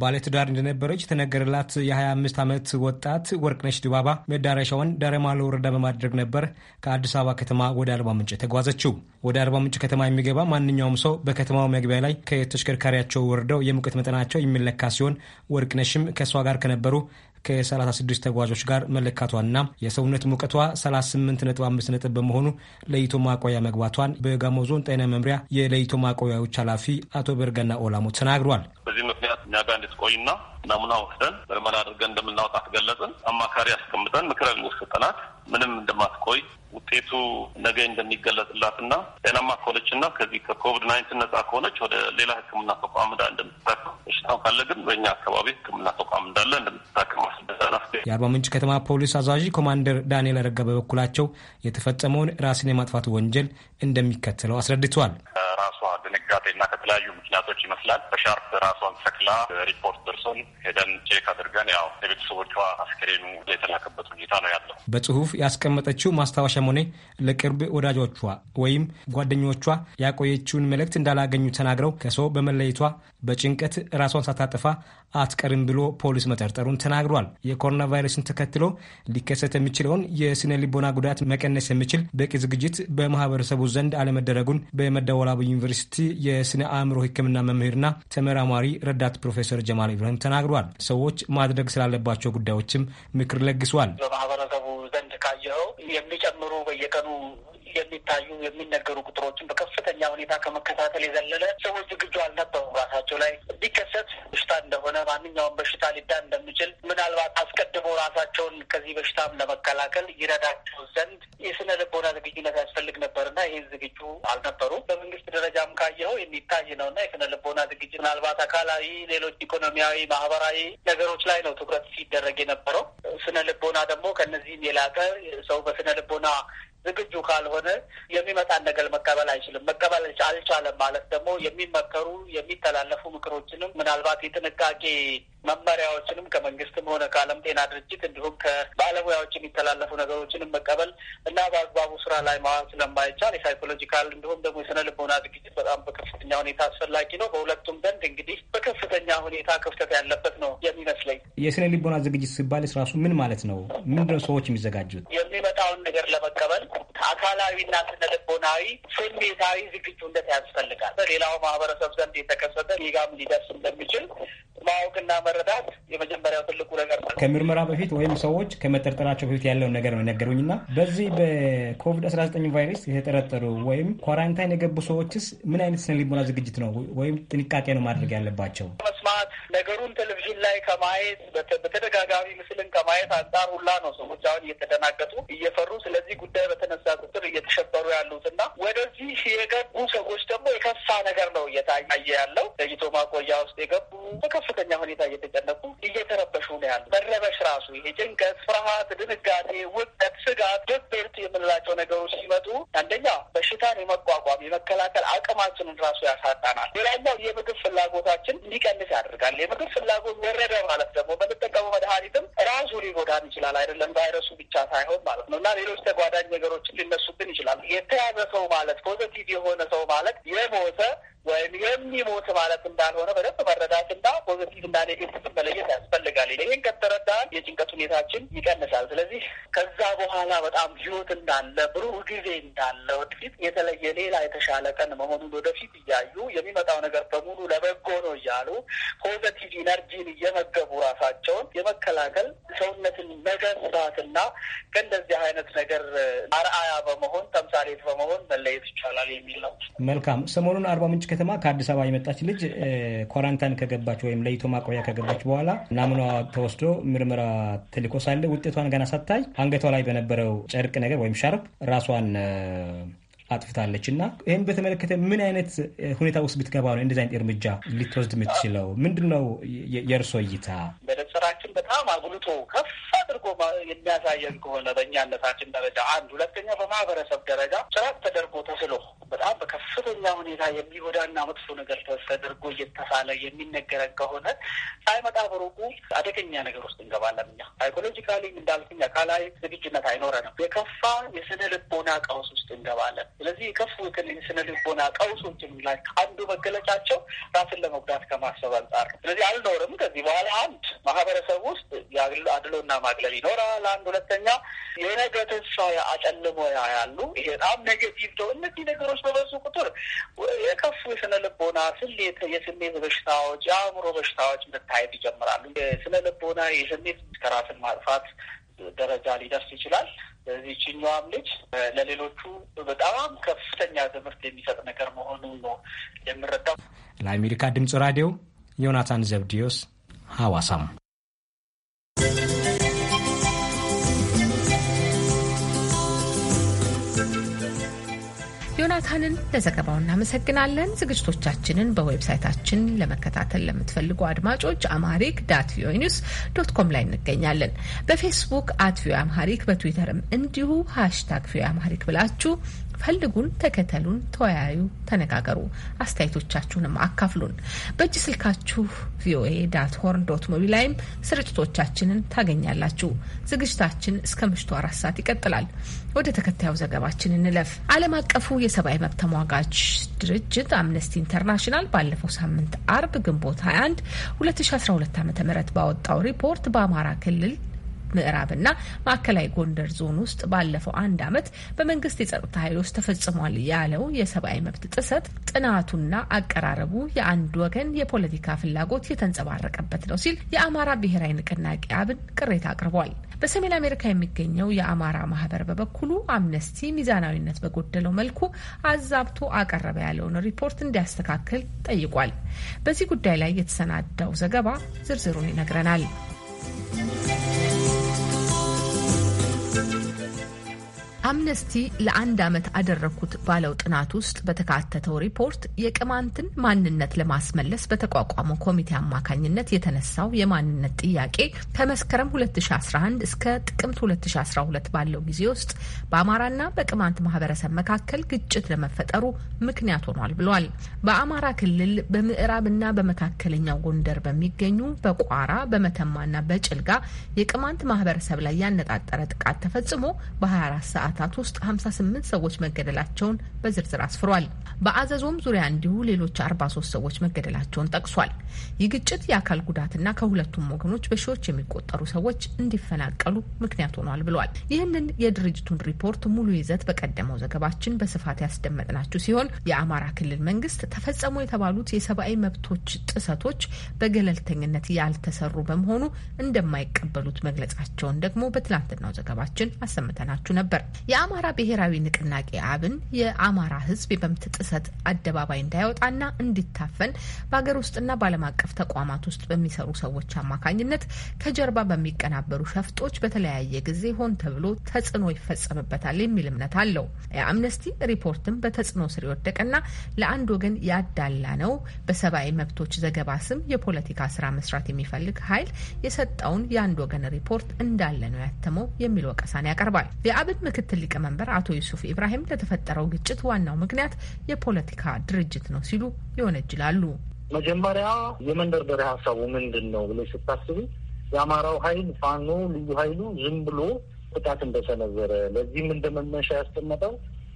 ባለትዳር እንደነበረች የተነገረላት የ25 ዓመት ወጣት ወርቅነሽ ድባባ መዳረሻውን ዳረማሎ ወረዳ በማድረግ ነበር ከአዲስ አበባ ከተማ ወደ አርባ ምንጭ የተጓዘችው። ወደ አርባ ምንጭ ከተማ የሚገባ ማንኛውም ሰው በከተማው መግቢያ ላይ ከተሽከርካሪያቸው ወርደው የሙቀት መጠናቸው የሚለካ ሲሆን ወርቅነሽም ከእሷ ጋር ከነበሩ ከ36 ተጓዦች ጋር መለካቷና የሰውነት ሙቀቷ 38.5 ነጥብ በመሆኑ ለይቶ ማቆያ መግባቷን በጋሞ ዞን ጤና መምሪያ የለይቶ ማቆያዎች ኃላፊ አቶ በርገና ኦላሞ ተናግሯል። በዚህ ምክንያት እኛ ጋር እንድትቆይና ናሙና ወስደን ምርመራ አድርገን እንደምናወጣት ገለጽን። አማካሪ አስቀምጠን ምክረ ጥናት ምንም እንደማትቆይ ውጤቱ ነገ እንደሚገለጽላትና ጤናማ ከሆነችና ከዚህ ከኮቪድ ናይንቲን ነጻ ከሆነች ወደ ሌላ ሕክምና ተቋም ዳ እንደምትታከም በሽታው ካለ ግን በእኛ አካባቢ ሕክምና ተቋም እንዳለ እንደምትታከም አስደናፍ። የአርባ ምንጭ ከተማ ፖሊስ አዛዥ ኮማንደር ዳንኤል አረጋ በበኩላቸው የተፈጸመውን ራስን የማጥፋት ወንጀል እንደሚከተለው አስረድቷል። ራሷ ድንጋጤና ከተለያዩ ምክንያቶች ይመስላል በሻርፕ ራሷን ሰቅላ ሪፖርት ደርሶን ሄደን ቼክ አድርገን ያው የቤተሰቦቿ አስክሬኑ የተላከበት ሁኔታ ነው ያለው። በጽሁፍ ያስቀመጠችው ማስታወሻም ሆነ ለቅርብ ወዳጆቿ ወይም ጓደኞቿ ያቆየችውን መልእክት እንዳላገኙ ተናግረው ከሰው በመለየቷ በጭንቀት ራሷን ሳታጠፋ አትቀርም ብሎ ፖሊስ መጠርጠሩን ተናግሯል። የኮሮና ቫይረስን ተከትሎ ሊከሰት የሚችለውን የስነ ልቦና ጉዳት መቀነስ የሚችል በቂ ዝግጅት በማህበረሰቡ ዘንድ አለመደረጉን በመደወላቡ ዩኒቨርሲቲ የስነ አእምሮ ሕክምና መምህርና ተመራማሪ ረዳት ፕሮፌሰር ጀማል ኢብራሂም ተናግሯል። ሰዎች ማድረግ ስላለባቸው ጉዳዮችም ምክር ለግሷል። በማህበረሰቡ ዘንድ ካየኸው የሚጨምሩ በየቀኑ የሚታዩ የሚነገሩ ቁጥሮችን በከፍተኛ ሁኔታ ከመከታተል የዘለለ ሰዎች ዝግጁ አልነበሩ ራሳቸው ላይ ቢከሰት በሽታ እንደሆነ ማንኛውም በሽታ ሊዳን እንደሚችል ምናልባት አስቀድሞ ራሳቸውን ከዚህ በሽታም ለመከላከል ይረዳቸው ዘንድ የስነ ልቦና ዝግጁነት ያስፈልግ ነበርና ይህን ዝግጁ አልነበሩም። በመንግስት ደረጃም ካየኸው የሚታይ ነውና የስነ ልቦና ዝግጅት ምናልባት አካላዊ፣ ሌሎች ኢኮኖሚያዊ፣ ማህበራዊ ነገሮች ላይ ነው ትኩረት ሲደረግ የነበረው። ስነ ልቦና ደግሞ ከነዚህም የላቀ ሰው በስነ ልቦና ዝግጁ ካልሆነ የሚመጣን ነገር መቀበል አይችልም። መቀበል አልቻለም ማለት ደግሞ የሚመከሩ የሚተላለፉ ምክሮችንም ምናልባት የጥንቃቄ መመሪያዎችንም ከመንግስትም ሆነ ከዓለም ጤና ድርጅት እንዲሁም ከባለሙያዎች የሚተላለፉ ነገሮችንም መቀበል እና በአግባቡ ስራ ላይ ማዋል ስለማይቻል የሳይኮሎጂካል እንዲሁም ደግሞ የስነ ልቦና ዝግጅት በጣም በከፍተኛ ሁኔታ አስፈላጊ ነው። በሁለቱም ዘንድ እንግዲህ በከፍተኛ ሁኔታ ክፍተት ያለበት ነው የሚመስለኝ። የስነ ልቦና ዝግጅት ሲባል ራሱ ምን ማለት ነው? ምንድነው ሰዎች የሚዘጋጁት? የሚመጣውን ነገር ለመቀበል አካላዊና ስነ ልቦናዊ ስሜታዊ ዝግጁነት ያስፈልጋል። በሌላው ማህበረሰብ ዘንድ የተከሰተ ሊጋም ሊደርስ እንደሚችል ማወቅና መረዳት የመጀመሪያው ትልቁ ነገር ነው። ከምርመራ በፊት ወይም ሰዎች ከመጠርጠራቸው በፊት ያለውን ነገር ነው የነገሩኝና በዚህ በኮቪድ-19 ቫይረስ የተጠረጠሩ ወይም ኳራንታይን የገቡ ሰዎችስ ምን አይነት ስነ ልቦና ዝግጅት ነው ወይም ጥንቃቄ ነው ማድረግ ያለባቸው? መስማት ነገሩን ቴሌቪዥን ላይ ከማየት በተደጋጋሚ ምስልን ከማየት አንጻር ሁላ ነው ሰዎች አሁን እየተደናገጡ እየፈሩ ስለዚህ ጉዳይ በተነሳ ያሉት እና ወደዚህ የገቡ ሰዎች ደግሞ የከፋ ነገር ነው እየታየ ያለው። ለይቶ ማቆያ ውስጥ የገቡ በከፍተኛ ሁኔታ እየተጨነቁ እየተረበሹ ነው ያሉ። መረበሽ ራሱ ይሄ ጭንቀት፣ ፍርሃት፣ ድንጋጤ፣ ውጠት፣ ስጋት፣ ድብርት የምንላቸው ነገሮች ሲመጡ አንደኛ በሽታን የመቋቋም የመከላከል አቅማችንን ራሱ ያሳጣናል። ሌላኛው የምግብ ፍላጎታችን እንዲቀንስ ያደርጋል። የምግብ ፍላጎት ወረደ ማለት ደግሞ በምንጠቀመው መድኃኒትም ራሱ ሊጎዳን ይችላል። አይደለም ቫይረሱ ብቻ ሳይሆን ማለት ነው እና ሌሎች ተጓዳኝ ነገሮችን ሊነሱብን ይችላል። የተያዘ ሰው ማለት ፖዘቲቭ የሆነ ሰው ማለት የሞተ ወይም የሚሞት ማለት እንዳልሆነ በደንብ መረዳትና ፖዘቲቭ እና ኔጌቲቭ መለየት ያስፈልጋል። ይህን ከተረዳን የጭንቀት ሁኔታችን ይቀንሳል። ስለዚህ ከዛ በኋላ በጣም ህይወት እንዳለ ብሩህ ጊዜ እንዳለ ወደፊት የተለየ ሌላ የተሻለ ቀን መሆኑን ወደፊት እያዩ የሚመጣው ነገር በሙሉ ለበጎ ነው እያሉ ፖዘቲቭ ኢነርጂን እየመገቡ ራሳቸውን የመከላከል ሰውነትን መገንባትና ከእንደዚህ አይነት ነገር አርአያ በመሆን ተምሳሌት በመሆን መለየት ይቻላል የሚል ነው። መልካም ሰሞኑን አርባ ምንጭ ከተማ ከአዲስ አበባ የመጣች ልጅ ኳራንታይን ከገባች ወይም ለይቶ ማቆያ ከገባች በኋላ ናሙና ተወስዶ ምርመራ ተልኮ ሳለ ውጤቷን ገና ሳታይ አንገቷ ላይ በነበረው ጨርቅ ነገር ወይም ሻርፕ ራሷን አጥፍታለች እና ይህም በተመለከተ ምን አይነት ሁኔታ ውስጥ ብትገባ ነው እንደዚህ አይነት እርምጃ ልትወስድ የምትችለው? ምንድን ነው የእርሶ እይታ? መነጽራችን በጣም አጉልቶ ከፍ አድርጎ የሚያሳየን ከሆነ በእኛነታችን ደረጃ አንድ፣ ሁለተኛ በማህበረሰብ ደረጃ ስርዓት ተደርጎ ተስሎ በጣም በከፍተኛ ሁኔታ የሚጎዳና መጥፎ ነገር ተደርጎ እየተሳለ የሚነገረን ከሆነ ሳይመጣ በሩቁ አደገኛ ነገር ውስጥ እንገባለን። እኛ ሳይኮሎጂካሊ እንዳልኩኝ አካላዊ ዝግጁነት አይኖረንም። የከፋ የስነ ልቦና ቀውስ ውስጥ እንገባለን። ስለዚህ የከፉ ስነ ልቦና ቀውሶች የምንላቸው አንዱ መገለጫቸው ራስን ለመጉዳት ከማሰብ አንጻር ነው። ስለዚህ አልኖርም ከዚህ በኋላ አንድ ማህበረሰብ ውስጥ አድሎና ማግለል ይኖራል። አንድ ሁለተኛ የነገ ተስፋ አጨልሞ ያያሉ። ይሄ በጣም ኔጌቲቭ ነው። እነዚህ ነገሮች በበዙ ቁጥር የከፉ የስነ ልቦና ስሌት፣ የስሜት በሽታዎች፣ የአእምሮ በሽታዎች መታየት ይጀምራሉ። የስነ ልቦና የስሜት ከራስን ማጥፋት ደረጃ ሊደርስ ይችላል። ስለዚህ ይችኛዋም ልጅ ለሌሎቹ በጣም ከፍተኛ ትምህርት የሚሰጥ ነገር መሆኑን ነው የምረዳው። ለአሜሪካ ድምፅ ራዲዮ ዮናታን ዘብዲዮስ ሐዋሳም ናታንን ለዘገባው እናመሰግናለን። ዝግጅቶቻችንን በዌብሳይታችን ለመከታተል ለምትፈልጉ አድማጮች አማሪክ ዳት ቪኦኤ ኒውስ ዶት ኮም ላይ እንገኛለን። በፌስቡክ አት ቪኦኤ አማሪክ፣ በትዊተርም እንዲሁ ሃሽታግ ቪኦኤ አማሪክ ብላችሁ ፈልጉን፣ ተከተሉን፣ ተወያዩ፣ ተነጋገሩ፣ አስተያየቶቻችሁንም አካፍሉን። በእጅ ስልካችሁ ቪኦኤ ዳት ሆርን ዶት ሞቢ ላይም ስርጭቶቻችንን ታገኛላችሁ። ዝግጅታችን እስከ ምሽቱ አራት ሰዓት ይቀጥላል። ወደ ተከታዩ ዘገባችን እንለፍ። ዓለም አቀፉ የሰብአዊ መብት ተሟጋች ድርጅት አምነስቲ ኢንተርናሽናል ባለፈው ሳምንት አርብ ግንቦት 21 2012 ዓ ም ባወጣው ሪፖርት በአማራ ክልል ምዕራብና ማዕከላዊ ጎንደር ዞን ውስጥ ባለፈው አንድ ዓመት በመንግስት የጸጥታ ኃይሎች ተፈጽሟል ያለው የሰብአዊ መብት ጥሰት ጥናቱና አቀራረቡ የአንድ ወገን የፖለቲካ ፍላጎት የተንጸባረቀበት ነው ሲል የአማራ ብሔራዊ ንቅናቄ አብን ቅሬታ አቅርቧል። በሰሜን አሜሪካ የሚገኘው የአማራ ማህበር በበኩሉ አምነስቲ ሚዛናዊነት በጎደለው መልኩ አዛብቶ አቀረበ ያለውን ሪፖርት እንዲያስተካክል ጠይቋል። በዚህ ጉዳይ ላይ የተሰናዳው ዘገባ ዝርዝሩን ይነግረናል። አምነስቲ ለአንድ ዓመት አደረግኩት ባለው ጥናት ውስጥ በተካተተው ሪፖርት የቅማንትን ማንነት ለማስመለስ በተቋቋመው ኮሚቴ አማካኝነት የተነሳው የማንነት ጥያቄ ከመስከረም 2011 እስከ ጥቅምት 2012 ባለው ጊዜ ውስጥ በአማራና በቅማንት ማህበረሰብ መካከል ግጭት ለመፈጠሩ ምክንያት ሆኗል ብሏል። በአማራ ክልል በምዕራብና በመካከለኛው ጎንደር በሚገኙ በቋራ በመተማና በጭልጋ የቅማንት ማህበረሰብ ላይ ያነጣጠረ ጥቃት ተፈጽሞ በ24 ሰዓት ሰዓታት ውስጥ 58 ሰዎች መገደላቸውን በዝርዝር አስፍሯል። በአዘዞም ዙሪያ እንዲሁ ሌሎች 43 ሰዎች መገደላቸውን ጠቅሷል። ይህ ግጭት የአካል ጉዳትና ከሁለቱም ወገኖች በሺዎች የሚቆጠሩ ሰዎች እንዲፈናቀሉ ምክንያት ሆኗል ብሏል። ይህንን የድርጅቱን ሪፖርት ሙሉ ይዘት በቀደመው ዘገባችን በስፋት ያስደመጥናችሁ ሲሆን የአማራ ክልል መንግስት ተፈጸሙ የተባሉት የሰብአዊ መብቶች ጥሰቶች በገለልተኝነት ያልተሰሩ በመሆኑ እንደማይቀበሉት መግለጻቸውን ደግሞ በትላንትናው ዘገባችን አሰምተናችሁ ነበር። የአማራ ብሔራዊ ንቅናቄ አብን የአማራ ሕዝብ የመብት ጥሰት አደባባይ እንዳይወጣና እንዲታፈን በሀገር ውስጥና በዓለም አቀፍ ተቋማት ውስጥ በሚሰሩ ሰዎች አማካኝነት ከጀርባ በሚቀናበሩ ሸፍጦች በተለያየ ጊዜ ሆን ተብሎ ተጽዕኖ ይፈጸምበታል የሚል እምነት አለው። የአምነስቲ ሪፖርትም በተጽዕኖ ስር የወደቀና ለአንድ ወገን ያዳላ ነው፣ በሰብአዊ መብቶች ዘገባ ስም የፖለቲካ ስራ መስራት የሚፈልግ ኃይል የሰጠውን የአንድ ወገን ሪፖርት እንዳለ ነው ያተመው የሚል ወቀሳን ያቀርባል። የአብን ምክትል ምክትል ሊቀመንበር አቶ ዩሱፍ ኢብራሂም ለተፈጠረው ግጭት ዋናው ምክንያት የፖለቲካ ድርጅት ነው ሲሉ ይወነጅላሉ። መጀመሪያ የመንደርደሪያ ሀሳቡ ምንድን ነው ብሎ ስታስቡ የአማራው ኃይል ፋኖ ልዩ ኃይሉ ዝም ብሎ ጥቃት እንደሰነዘረ ለዚህም እንደመመሻ ያስቀመጠው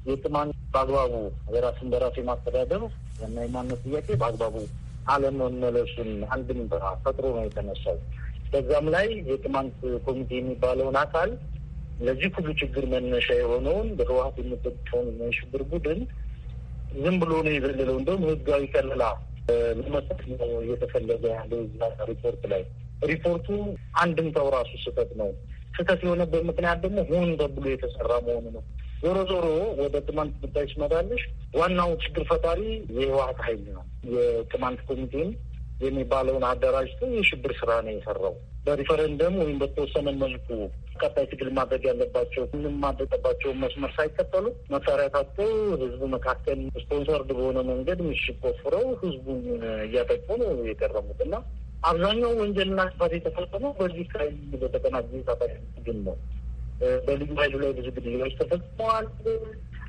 የጥማን በአግባቡ የራስን በራሱ የማስተዳደር እና የማንነት ጥያቄ በአግባቡ አለመመለሱን አንድም ፈጥሮ ነው የተነሳው። በዛም ላይ የቅማንት ኮሚቴ የሚባለውን አካል ለዚህ ሁሉ ችግር መነሻ የሆነውን በህወሀት የምጠቀውን ሽብር ቡድን ዝም ብሎ ነው የዘለለው። እንደውም ህጋዊ ከለላ ለመስጠት ነው እየተፈለገ ያለው ሪፖርት ላይ። ሪፖርቱ ተው ራሱ ስህተት ነው። ስህተት የሆነበት ምክንያት ደግሞ ሆን ተብሎ የተሰራ መሆኑ ነው። ዞሮ ዞሮ ወደ ቅማንት ጉዳይ ስመጣልሽ ዋናው ችግር ፈጣሪ የህወሀት ሀይል ነው። የቅማንት ኮሚቴን የሚባለውን አደራጅቶ የሽብር ስራ ነው የሰራው። በሪፈረንደም ወይም በተወሰነ መልኩ ቀጣይ ትግል ማድረግ ያለባቸው ምንም ማድረጠባቸውን መስመር ሳይከተሉ መሳሪያ ታጥተው ህዝቡ መካከል ስፖንሰርድ በሆነ መንገድ ምሽግ ቆፍረው ህዝቡን እያጠቁ ነው የቀረሙት እና አብዛኛው ወንጀልና ስፋት የተፈጸመው በዚህ ከ በተቀናጀ ታጣቂ ግን ነው። በልዩ ኃይሉ ላይ ብዙ ግድያዎች ተፈጽመዋል።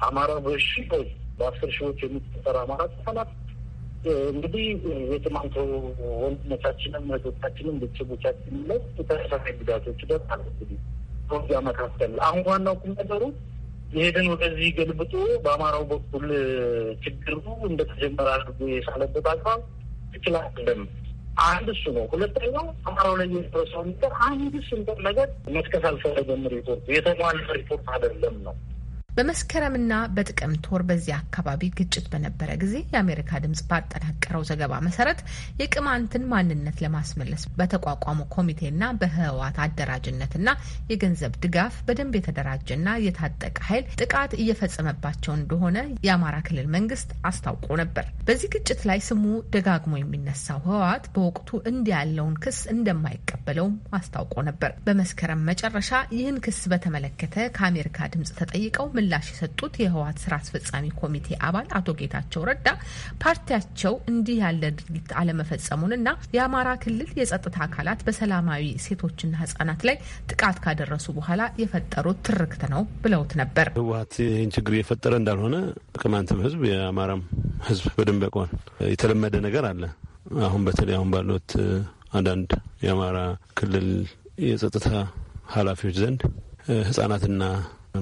አማራ በሺዎች በአስር ሺዎች የሚቆጠር አማራ ተፈናል። እንግዲህ የትናንቱ ወንድሞቻችንም እህቶቻችንም ቤተሰቦቻችንም ላይ የተሰራ ጉዳቶች ደርሳል። እንግዲህ በዚያ መካከል አሁን ዋናው ቁም ነገሩ ይሄድን ወደዚህ ገልብጦ በአማራው በኩል ችግሩ እንደተጀመረ አድርጎ የሳለበት አግባብ ትክክል አይደለም። አንድ እሱ ነው። ሁለተኛው አማራው ላይ የደረሰው ነገር አንድ ስንት ነገር መጥቀስ አልፈለገም። ሪፖርቱ የተሟላ ሪፖርት አይደለም ነው በመስከረምና በጥቅምት ወር በዚያ አካባቢ ግጭት በነበረ ጊዜ የአሜሪካ ድምጽ ባጠናቀረው ዘገባ መሰረት የቅማንትን ማንነት ለማስመለስ በተቋቋመ ኮሚቴና በህወሓት አደራጅነትና የገንዘብ ድጋፍ በደንብ የተደራጀና የታጠቀ ኃይል ጥቃት እየፈጸመባቸው እንደሆነ የአማራ ክልል መንግስት አስታውቆ ነበር። በዚህ ግጭት ላይ ስሙ ደጋግሞ የሚነሳው ህወሓት በወቅቱ እንዲህ ያለውን ክስ እንደማይቀበለውም አስታውቆ ነበር። በመስከረም መጨረሻ ይህን ክስ በተመለከተ ከአሜሪካ ድምጽ ተጠይቀው ምላሽ የሰጡት የህወሀት ስራ አስፈጻሚ ኮሚቴ አባል አቶ ጌታቸው ረዳ ፓርቲያቸው እንዲህ ያለ ድርጊት አለመፈጸሙንና የአማራ ክልል የጸጥታ አካላት በሰላማዊ ሴቶችና ህጻናት ላይ ጥቃት ካደረሱ በኋላ የፈጠሩት ትርክት ነው ብለውት ነበር። ህወሀት ይህን ችግር የፈጠረ እንዳልሆነ ቅማንትም ህዝብ የአማራም ህዝብ በደንብ ያውቀዋል። የተለመደ ነገር አለ። አሁን በተለይ አሁን ባሉት አንዳንድ የአማራ ክልል የጸጥታ ኃላፊዎች ዘንድ ህጻናትና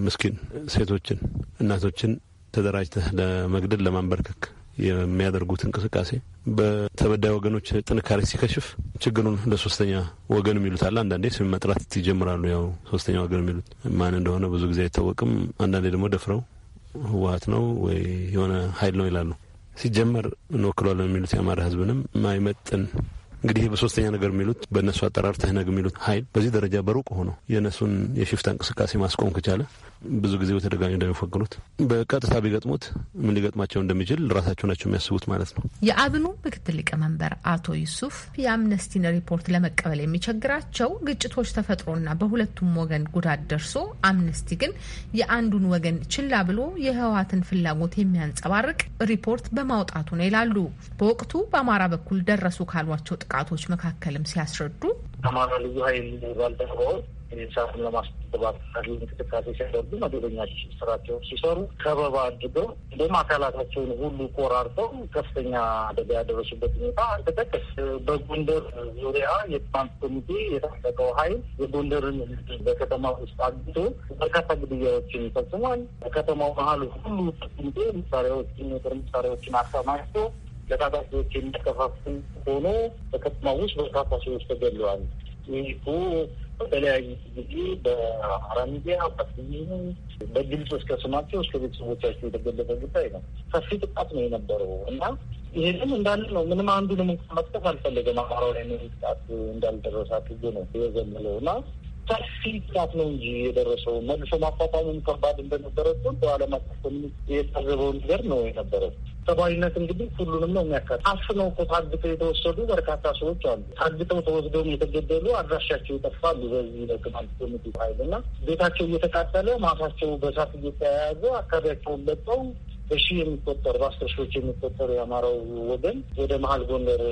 ምስኪን ሴቶችን፣ እናቶችን ተደራጅተህ ለመግደል ለማንበርከክ የሚያደርጉት እንቅስቃሴ በተበዳይ ወገኖች ጥንካሬ ሲከሽፍ ችግሩን ለሶስተኛ ወገን የሚሉት አለ። አንዳንዴ ስም መጥራት ይጀምራሉ። ያው ሶስተኛ ወገን የሚሉት ማን እንደሆነ ብዙ ጊዜ አይታወቅም። አንዳንዴ ደግሞ ደፍረው ህወሀት ነው ወይ የሆነ ሀይል ነው ይላሉ። ሲጀመር እንወክሏለን የሚሉት የአማራ ህዝብንም ማይመጥን እንግዲህ በሶስተኛ ነገር የሚሉት በእነሱ አጠራር ተህነግ የሚሉት ሀይል በዚህ ደረጃ በሩቅ ሆኖ የእነሱን የሽፍታ እንቅስቃሴ ማስቆም ከቻለ ብዙ ጊዜ በተደጋጋሚ እንደሚፈግኑት በቀጥታ ቢገጥሙት ምን ሊገጥማቸው እንደሚችል ራሳቸው ናቸው የሚያስቡት ማለት ነው። የአብኑ ምክትል ሊቀመንበር አቶ ዩሱፍ የአምነስቲን ሪፖርት ለመቀበል የሚቸግራቸው ግጭቶች ተፈጥሮና በሁለቱም ወገን ጉዳት ደርሶ አምነስቲ ግን የአንዱን ወገን ችላ ብሎ የህወሓትን ፍላጎት የሚያንጸባርቅ ሪፖርት በማውጣቱ ነው ይላሉ። በወቅቱ በአማራ በኩል ደረሱ ካሏቸው ጥቃቶች መካከልም ሲያስረዱ አማራ ልዩ ኃይል ባልደረባዎች የተሻለ ለማስተባት እንቅስቃሴ ሲያደርጉ መደበኛ ስራቸውን ሲሰሩ ከበባ አድርገው እንደም አካላታቸውን ሁሉ ቆራርጠው ከፍተኛ አደጋ ያደረሱበት ሁኔታ ተጠቀስ። በጎንደር ዙሪያ የትናንት ኮሚቴ የታጠቀው ኃይል የጎንደርን ሕዝብ በከተማ ውስጥ አግቶ በርካታ ግድያዎችን ፈጽሟል። በከተማው መሀል ሁሉ ኮሚቴ መሳሪያዎችን የጦር መሳሪያዎችን አሰማጅቶ ለታጣቂዎች የሚያከፋፍል ሆኖ በከተማ ውስጥ በርካታ ሰዎች ተገድለዋል። ይህ በተለያዩ ጊዜ በአማራ ሚዲያ በግልጽ እስከ ስማቸው እስከ ቤተሰቦቻቸው የተገለጸ ጉዳይ ነው። ሰፊ ጥቃት ነው የነበረው እና ይህንም እንዳለ ነው። ምንም አንዱንም እንኳ መጥቀስ አልፈለገም። አማራው ላይ ጥቃት እንዳልደረሳት ነው የዘመለው እና ሰፊ ጥቃት ነው እንጂ የደረሰው መልሶ ማቋቋሙም ከባድ እንደነበረብን በዓለም አቀፍ የታዘበው ነገር ነው የነበረው። ሰብአዊነት እንግዲህ ሁሉንም ነው የሚያካት። ታፍነው እኮ ታግተው የተወሰዱ በርካታ ሰዎች አሉ። ታግተው ተወስደውም የተገደሉ አድራሻቸው ይጠፋሉ። በዚህ ለቅማንት ኮሚኒቲ ኃይል እና ቤታቸው እየተቃጠለ ማሳቸው በሳት እየተያያዘ አካባቢያቸውን ለቀው በሺ የሚቆጠር በአስር ሺዎች የሚቆጠሩ የአማራው ወገን ወደ መሀል ጎንደር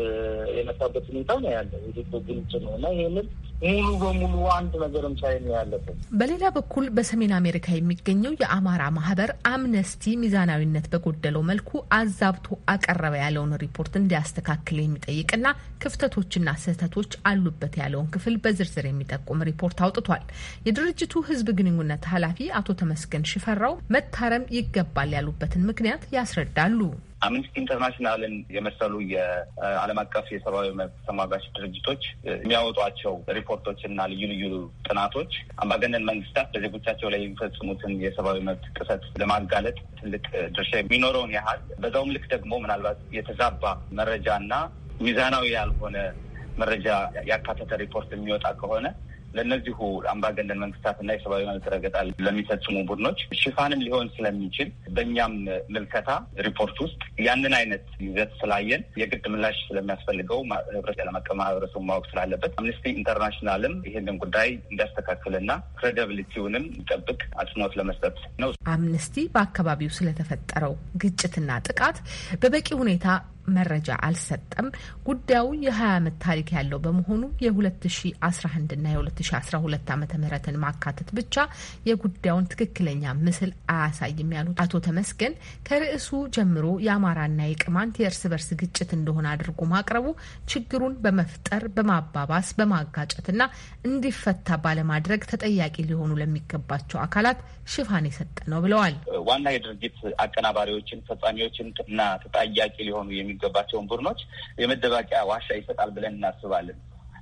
የመጣበት ሁኔታ ነው ያለ የኢትዮ ግልጽ ነው እና ይህንን ሙሉ በሙሉ አንድ ነገርም ሳይን ያለበት። በሌላ በኩል በሰሜን አሜሪካ የሚገኘው የአማራ ማህበር አምነስቲ ሚዛናዊነት በጎደለው መልኩ አዛብቶ አቀረበ ያለውን ሪፖርት እንዲያስተካክል የሚጠይቅና ክፍተቶችና ስህተቶች አሉበት ያለውን ክፍል በዝርዝር የሚጠቁም ሪፖርት አውጥቷል። የድርጅቱ ህዝብ ግንኙነት ኃላፊ አቶ ተመስገን ሽፈራው መታረም ይገባል ያሉበትን ያሉበትን ምክንያት ያስረዳሉ። አምነስቲ ኢንተርናሽናልን የመሰሉ የዓለም አቀፍ የሰብአዊ መብት ተሟጋች ድርጅቶች የሚያወጧቸው ሪፖርቶች እና ልዩ ልዩ ጥናቶች አምባገነን መንግስታት በዜጎቻቸው ላይ የሚፈጽሙትን የሰብአዊ መብት ጥሰት ለማጋለጥ ትልቅ ድርሻ የሚኖረውን ያህል በዛውም ልክ ደግሞ ምናልባት የተዛባ መረጃ እና ሚዛናዊ ያልሆነ መረጃ ያካተተ ሪፖርት የሚወጣ ከሆነ ለእነዚሁ አምባገነን መንግስታትና የሰብአዊ መብት ረገጣል ለሚፈጽሙ ቡድኖች ሽፋንም ሊሆን ስለሚችል በእኛም ምልከታ ሪፖርት ውስጥ ያንን አይነት ይዘት ስላየን የግድ ምላሽ ስለሚያስፈልገው ዓለም አቀፍ ማህበረሰቡ ማወቅ ስላለበት አምነስቲ ኢንተርናሽናልም ይህንን ጉዳይ እንዲያስተካክልና ክሬዲብሊቲውንም ጠብቅ አጽንኦት ለመስጠት ነው። አምነስቲ በአካባቢው ስለተፈጠረው ግጭትና ጥቃት በበቂ ሁኔታ መረጃ አልሰጠም። ጉዳዩ የ20 ዓመት ታሪክ ያለው በመሆኑ የ2011 ና የ2012 ዓ ምትን ማካተት ብቻ የጉዳዩን ትክክለኛ ምስል አያሳይም ያሉት አቶ ተመስገን ከርዕሱ ጀምሮ የአማራና የቅማንት የእርስ በርስ ግጭት እንደሆነ አድርጎ ማቅረቡ ችግሩን በመፍጠር በማባባስ በማጋጨትና እንዲፈታ ባለማድረግ ተጠያቂ ሊሆኑ ለሚገባቸው አካላት ሽፋን የሰጠ ነው ብለዋል። ዋና የድርጊት አቀናባሪዎችን፣ ፈጻሚዎችን እና ተጠያቂ ሊሆኑ የሚ የሚገባቸውን ቡድኖች የመደባቂያ ዋሻ ይሰጣል ብለን እናስባለን።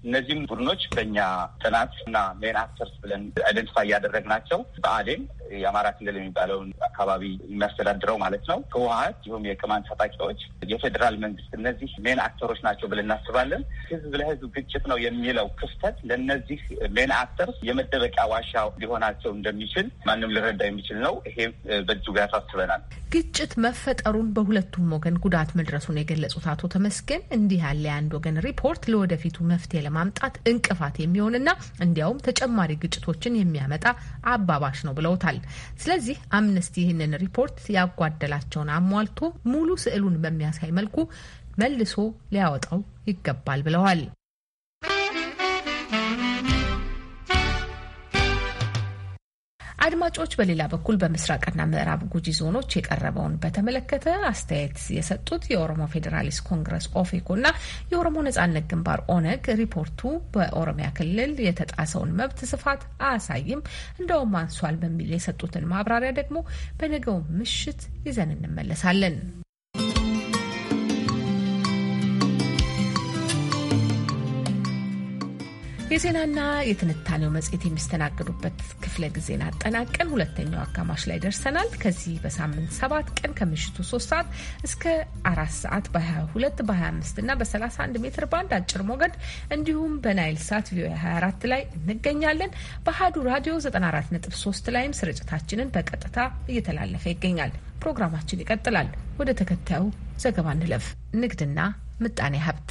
እነዚህም ቡድኖች በእኛ ጥናት እና ሜን አክተርስ ብለን አይደንቲፋይ እያደረግ ናቸው በአሌም የአማራ ክልል የሚባለውን አካባቢ የሚያስተዳድረው ማለት ነው ህወሀት እንዲሁም የቅማንት ታጣቂዎች፣ የፌዴራል መንግስት እነዚህ ሜን አክተሮች ናቸው ብለን እናስባለን። ህዝብ ለህዝብ ግጭት ነው የሚለው ክፍተት ለእነዚህ ሜን አክተርስ የመደበቂያ ዋሻ ሊሆናቸው እንደሚችል ማንም ሊረዳ የሚችል ነው። ይሄም ጋር ያሳስበናል። ግጭት መፈጠሩን በሁለቱም ወገን ጉዳት መድረሱን የገለጹት አቶ ተመስገን እንዲህ ያለ የአንድ ወገን ሪፖርት ለወደፊቱ መፍትሄ ለማምጣት እንቅፋት የሚሆንና እንዲያውም ተጨማሪ ግጭቶችን የሚያመጣ አባባሽ ነው ብለውታል። ይላል። ስለዚህ አምነስቲ ይህንን ሪፖርት ያጓደላቸውን አሟልቶ ሙሉ ስዕሉን በሚያሳይ መልኩ መልሶ ሊያወጣው ይገባል ብለዋል። አድማጮች፣ በሌላ በኩል በምስራቅና ምዕራብ ጉጂ ዞኖች የቀረበውን በተመለከተ አስተያየት የሰጡት የኦሮሞ ፌዴራሊስት ኮንግረስ ኦፌኮና የኦሮሞ ነጻነት ግንባር ኦነግ ሪፖርቱ በኦሮሚያ ክልል የተጣሰውን መብት ስፋት አያሳይም፣ እንደውም አንሷል በሚል የሰጡትን ማብራሪያ ደግሞ በነገው ምሽት ይዘን እንመለሳለን። የዜናና የትንታኔው መጽሔት የሚስተናገዱበት ክፍለ ጊዜን አጠናቀን ሁለተኛው አጋማሽ ላይ ደርሰናል። ከዚህ በሳምንት ሰባት ቀን ከምሽቱ ሶስት ሰዓት እስከ አራት ሰዓት በ22 በ25 እና በ31 ሜትር ባንድ አጭር ሞገድ እንዲሁም በናይል ሳት ቪኦኤ 24 ላይ እንገኛለን። በአሀዱ ራዲዮ 94.3 ላይም ስርጭታችንን በቀጥታ እየተላለፈ ይገኛል። ፕሮግራማችን ይቀጥላል። ወደ ተከታዩ ዘገባ እንለፍ። ንግድና ምጣኔ ሀብት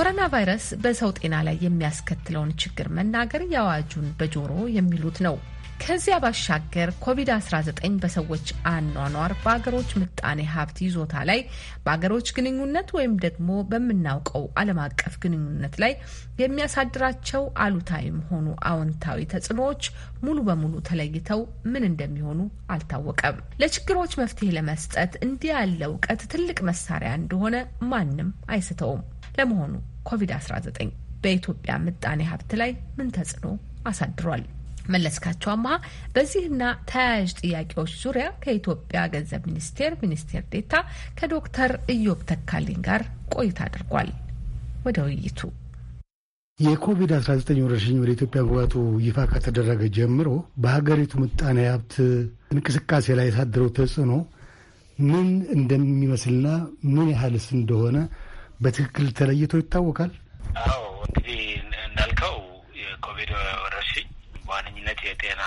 ኮሮና ቫይረስ በሰው ጤና ላይ የሚያስከትለውን ችግር መናገር የአዋጁን በጆሮ የሚሉት ነው። ከዚያ ባሻገር ኮቪድ-19 በሰዎች አኗኗር፣ በሀገሮች ምጣኔ ሀብት ይዞታ ላይ፣ በሀገሮች ግንኙነት ወይም ደግሞ በምናውቀው ዓለም አቀፍ ግንኙነት ላይ የሚያሳድራቸው አሉታዊም ሆኑ አዎንታዊ ተጽዕኖዎች ሙሉ በሙሉ ተለይተው ምን እንደሚሆኑ አልታወቀም። ለችግሮች መፍትሄ ለመስጠት እንዲህ ያለ እውቀት ትልቅ መሳሪያ እንደሆነ ማንም አይስተውም። ለመሆኑ ኮቪድ-19 በኢትዮጵያ ምጣኔ ሀብት ላይ ምን ተጽዕኖ አሳድሯል? መለስካቸው አማሃ በዚህና ተያያዥ ጥያቄዎች ዙሪያ ከኢትዮጵያ ገንዘብ ሚኒስቴር ሚኒስቴር ዴታ ከዶክተር ኢዮብ ተካልኝ ጋር ቆይታ አድርጓል። ወደ ውይይቱ የኮቪድ-19 ወረርሽኝ ወደ ኢትዮጵያ መግባቱ ይፋ ከተደረገ ጀምሮ በሀገሪቱ ምጣኔ ሀብት እንቅስቃሴ ላይ ያሳደረው ተጽዕኖ ምን እንደሚመስልና ምን ያህልስ እንደሆነ በትክክል ተለይቶ ይታወቃል? አዎ እንግዲህ እንዳልከው የኮቪድ ወረርሽኝ በዋነኝነት የጤና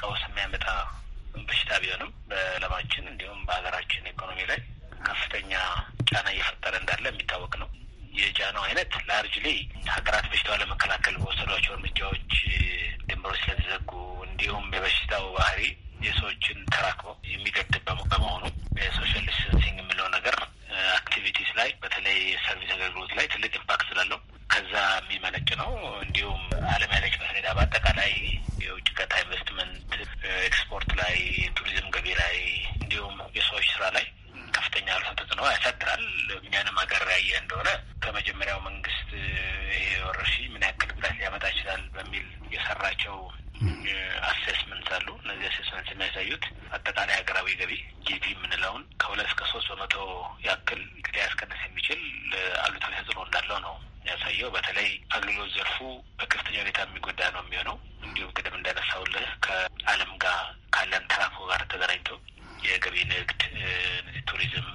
ቀውስ የሚያመጣ በሽታ ቢሆንም በዓለማችን እንዲሁም በሀገራችን ኢኮኖሚ ላይ ከፍተኛ ጫና እየፈጠረ እንዳለ የሚታወቅ ነው። የጫናው አይነት ላርጅሊ ሀገራት በሽታው ለመከላከል በወሰዷቸው እርምጃዎች ድንበሮች ስለተዘጉ እንዲሁም የበሽታው ባህሪ የሰዎችን ተራክበው የሚገድብ በመሆኑ የሶሻል ዲስታንሲንግ አክቲቪቲስ ላይ በተለይ የሰርቪስ አገልግሎት ላይ ትልቅ ኢምፓክት ስላለው ከዛ የሚመነጭ ነው። እንዲሁም ዓለም ያለችበት ሁኔታ በአጠቃላይ የውጭ ቀጥታ ኢንቨስትመንት ኤክስፖርት ላይ፣ ቱሪዝም ገቢ ላይ እንዲሁም የሰዎች ስራ ላይ ከፍተኛ አሉታዊ ተጽዕኖ ያሳድራል። እኛንም ሀገር ያየ እንደሆነ ከመጀመሪያው መንግስት ይሄ ወረርሽኝ ምን ያክል ጉዳት ሊያመጣ ይችላል በሚል የሰራቸው አሴስመንት አሉ። እነዚህ አሴስመንት የሚያሳዩት አጠቃላይ ሀገራዊ ገቢ ጂፒ የምንለውን ከሁለት እስከ ሶስት በመቶ ያክል ሊያስቀንስ የሚችል አሉታዊ ተጽዕኖ እንዳለው ነው ያሳየው። በተለይ አገልግሎት ዘርፉ በከፍተኛ ሁኔታ የሚጎዳ ነው የሚሆነው። እንዲሁም ቅድም እንዳነሳውልህ ከዓለም ጋር ካለን ተራፎ ጋር ተገናኝቶ የገቢ ንግድ፣ ቱሪዝም፣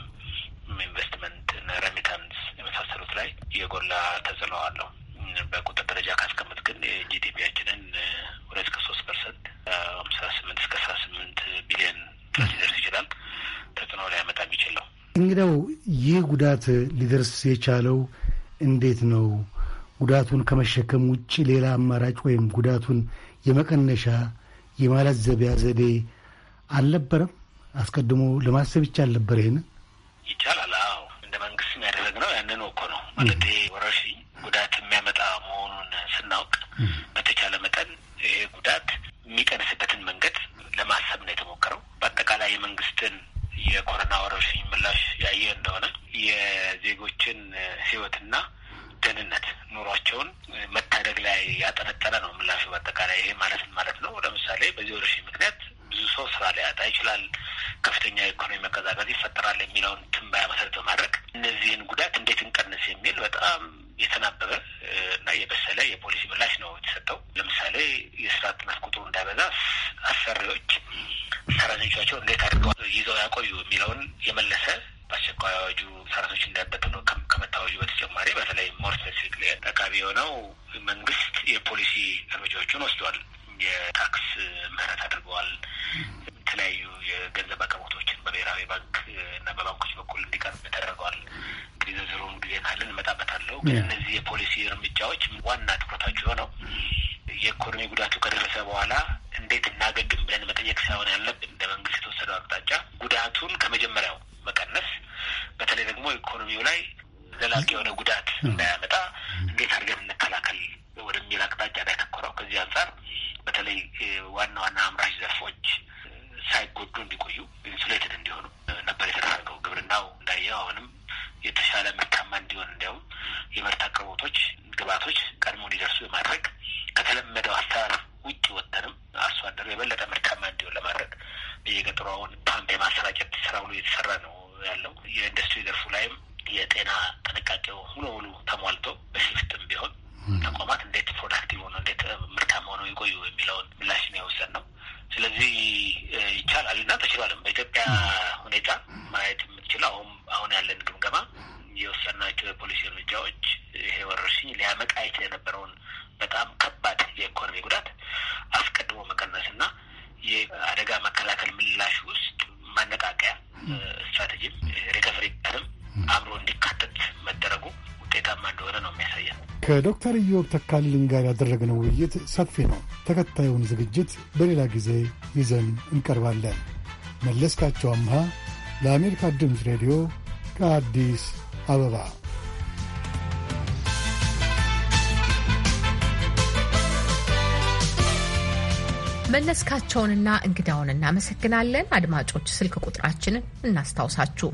ኢንቨስትመንት፣ ረሚታንስ የመሳሰሉት ላይ የጎላ ተጽዕኖ አለው። ይህንን በቁጥር ደረጃ ካስቀምጥ ግን ጂዲፒያችንን ሁለት ከሶስት ፐርሰንት አምሳ ስምንት እስከ አስራ ስምንት ቢሊዮን ሊደርስ ይችላል። ተጽዕኖ ሊያመጣ የሚችል ነው። እንግዲው ይህ ጉዳት ሊደርስ የቻለው እንዴት ነው? ጉዳቱን ከመሸከም ውጭ ሌላ አማራጭ ወይም ጉዳቱን የመቀነሻ የማለዘቢያ ዘዴ አልነበረም? አስቀድሞ ለማሰብ ይቻል ነበር? ይህን ይቻላል። አዎ እንደ መንግስት የሚያደረግ ነው። ያንን እኮ ነው ማለት ይሄ ወረርሽኝ ጉዳት የሚያመጣ መሆኑን ስናውቅ በተቻለ መጠን ይሄ ጉዳት የሚቀንስበትን መንገድ ለማሰብ ነው የተሞከረው። በአጠቃላይ የመንግስትን የኮሮና ወረርሽኝ ምላሽ ያየ እንደሆነ የዜጎችን ህይወትና ደህንነት ኑሯቸውን መታደግ ላይ ያጠነጠረ ነው ምላሹ። በአጠቃላይ ይሄ ማለት ማለት ነው። ለምሳሌ በዚህ ወረርሽኝ ምክንያት ብዙ ሰው ስራ ሊያጣ ይችላል፣ ከፍተኛ የኢኮኖሚ መቀዛቀዝ ይፈጠራል የሚለውን ትንበያ መሰረት በማድረግ እነዚህን ጉዳት እንዴት እንቀንስ የሚል በጣም የተናበበ እና የበሰለ የፖሊሲ ምላሽ ነው የተሰጠው። ለምሳሌ የስራ አጥነት ቁጥሩ እንዳይበዛ አሰሪዎች ሰራተኞቻቸው እንዴት አድርገው ይዘው ያቆዩ የሚለውን የመለሰ በአስቸኳይ አዋጁ ሰራተኞች እንዳይበጡ ነው ከመታወጁ በተጨማሪ በተለይ ሞር ስፔሲፊክ ጠቃሚ የሆነው መንግስት የፖሊሲ እርምጃዎቹን ወስዷል። የታክስ ምህረት አድርገዋል። የተለያዩ የገንዘብ አቅርቦቶችን በብሔራዊ ባንክ እና በባንኮች በኩል እንዲቀርብ ተደርገዋል። እንግዲህ ዝርዝሩን ጊዜ ካለን እመጣበታለሁ። ግን እነዚህ የፖሊሲ እርምጃዎች ዋና ትኩረታቸው የሆነው የኢኮኖሚ ጉዳቱ ከደረሰ በኋላ እንዴት እናገግም ብለን መጠየቅ ሳይሆን ያለብን እንደ መንግስት የተወሰደው አቅጣጫ ጉዳቱን ከመጀመሪያው መቀነስ፣ በተለይ ደግሞ ኢኮኖሚው ላይ ዘላቂ የሆነ ጉዳት እንዳያመጣ እንዴት አድርገን እንከላከል ወደሚል አቅጣጫ ላይ ተኮረው። ከዚህ አንጻር በተለይ ዋና ዋና አምራች ዘርፎች ሳይጎዱ እንዲቆዩ ኢንሱሌትድ እንዲሆኑ ነበር የተደረገው። ግብርናው እንዳየው አሁንም የተሻለ ምርታማ እንዲሆን እንዲያውም የምርት አቅርቦቶች፣ ግብዓቶች ቀድሞ እንዲደርሱ የማድረግ ከተለመደው አሰራር ውጭ ወጥተንም አርሶ አደሩ የበለጠ ምርታማ እንዲሆን ለማድረግ በየገጠሩ አሁን ፓምፕ የማሰራጨት ስራ ብሎ እየተሰራ ነው ያለው። የኢንዱስትሪ ዘርፉ ላይም የጤና ጥንቃቄው ሙሉ ሙሉ ተሟልቶ በሽፍትም ቢሆን ተቋማት እንዴት ፕሮዳክቲቭ ሆነው እንዴት ምርታማ ሆነው ይቆዩ የሚለውን ምላሽ ነው የወሰን ነው። ስለዚህ ይቻላል እና ተችሏልም። በኢትዮጵያ ሁኔታ ማየት የምትችለው አሁን አሁን ያለን ግምገማ የወሰናቸው የፖሊሲ እርምጃዎች ይሄ ወረርሽኝ ሊያመጣ ይችል የነበረውን በጣም ከባድ የኢኮኖሚ ጉዳት አስቀድሞ መቀነስ እና የአደጋ መከላከል ምላሽ ውስጥ ማነቃቂያ ስትራቴጂም ሪከቨሪ ቀንም ከዶክተር ኢዮብ ተካልኝ ጋር ያደረግነው ውይይት ሰፊ ነው። ተከታዩን ዝግጅት በሌላ ጊዜ ይዘን እንቀርባለን። መለስካቸው አምሃ ለአሜሪካ ድምፅ ሬዲዮ ከአዲስ አበባ መለስካቸውንና እንግዳውን እናመሰግናለን። አድማጮች ስልክ ቁጥራችንን እናስታውሳችሁ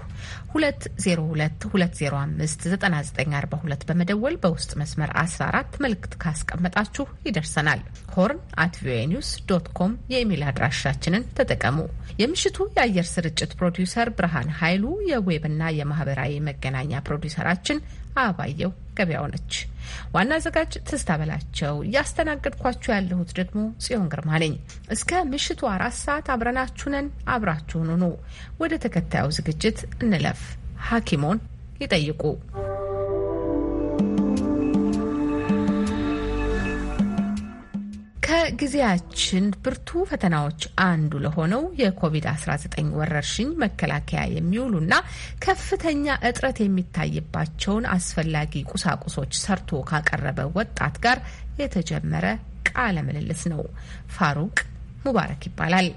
2022059942 በመደወል በውስጥ መስመር 14 መልእክት ካስቀመጣችሁ ይደርሰናል። ሆርን አት ቪኦኤ ኒውስ ዶት ኮም የኢሜል አድራሻችንን ተጠቀሙ። የምሽቱ የአየር ስርጭት ፕሮዲውሰር ብርሃን ኃይሉ፣ የዌብና የማህበራዊ መገናኛ ፕሮዲውሰራችን አበባየው ገበያው ነች። ዋና አዘጋጅ ትስታ በላቸው፣ እያስተናገድኳችሁ ያለሁት ደግሞ ጽዮን ግርማ ነኝ። እስከ ምሽቱ አራት ሰዓት አብረናችሁ ነን። አብራችሁን ሁኑ። ወደ ተከታዩ ዝግጅት እንለፍ። ሐኪሞን ይጠይቁ የጊዜያችን ብርቱ ፈተናዎች አንዱ ለሆነው የኮቪድ-19 ወረርሽኝ መከላከያ የሚውሉና ከፍተኛ እጥረት የሚታይባቸውን አስፈላጊ ቁሳቁሶች ሰርቶ ካቀረበ ወጣት ጋር የተጀመረ ቃለ ምልልስ ነው። ፋሩቅ ሙባረክ ይባላል።